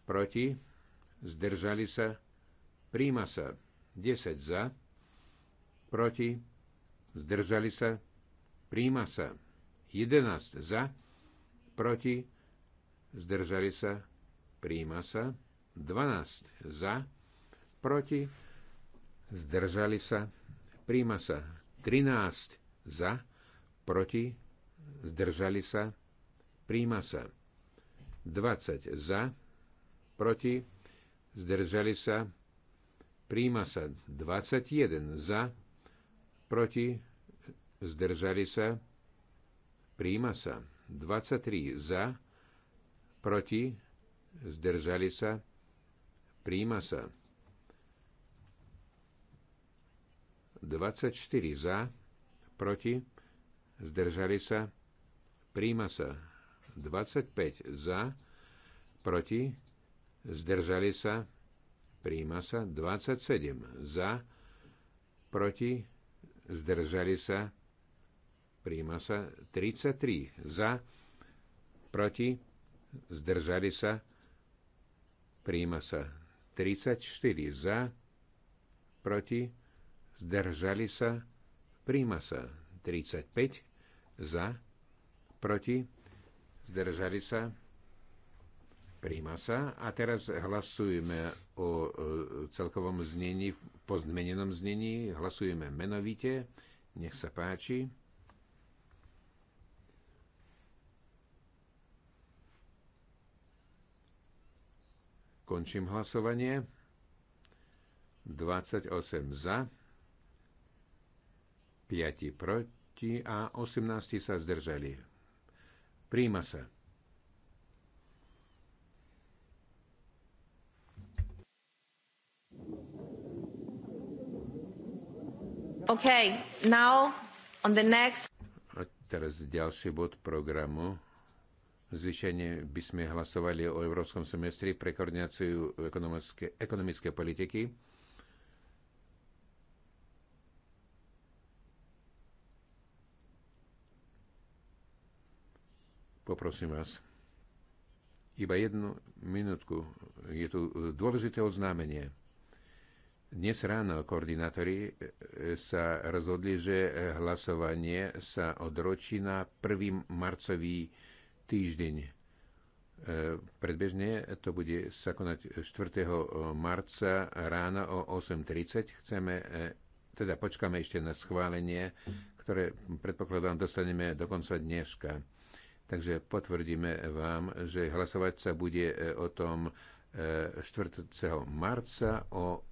proti, zdržali sa, príjma sa 10 za, proti, zdržali sa, príjma sa 11 za, proti, zdržali sa, príjma sa 12 za, proti, zdržali sa, príjma sa 13 za, proti, zdržali sa, príjma sa. 20 za, proti, zdržali sa, príjma sa. 21 za, proti, zdržali sa, príjma sa. 23 za, proti, zdržali sa, príjma sa. 24 za, proti, zdržali sa, Príjma sa 25 za, proti, zdržali sa, príjma sa 27 za, proti, zdržali sa, príjma sa 33 za, proti, zdržali sa, príjma sa 34 za, proti, zdržali sa, príjma sa 35 za, proti, zdržali sa, príjma sa. A teraz hlasujeme o e, celkovom znení, po zmenenom znení, hlasujeme menovite, nech sa páči. Končím hlasovanie. 28 za, 5 proti a 18 sa zdržali. Príjma sa. Okay, now on the next... A teraz ďalší bod programu. Zvyčajne by sme hlasovali o Európskom semestri pre koordináciu ekonomické, ekonomické politiky. Poprosím vás. Iba jednu minútku. Je tu dôležité oznámenie. Dnes ráno koordinátori e, e, sa rozhodli, že hlasovanie sa odročí na 1. marcový týždeň. E, predbežne to bude sa konať 4. marca ráno o 8.30. Chceme, teda počkáme ešte na schválenie, ktoré predpokladám dostaneme do konca dneška Takže potvrdíme vám, že hlasovať sa bude e, o tom 4. E, marca o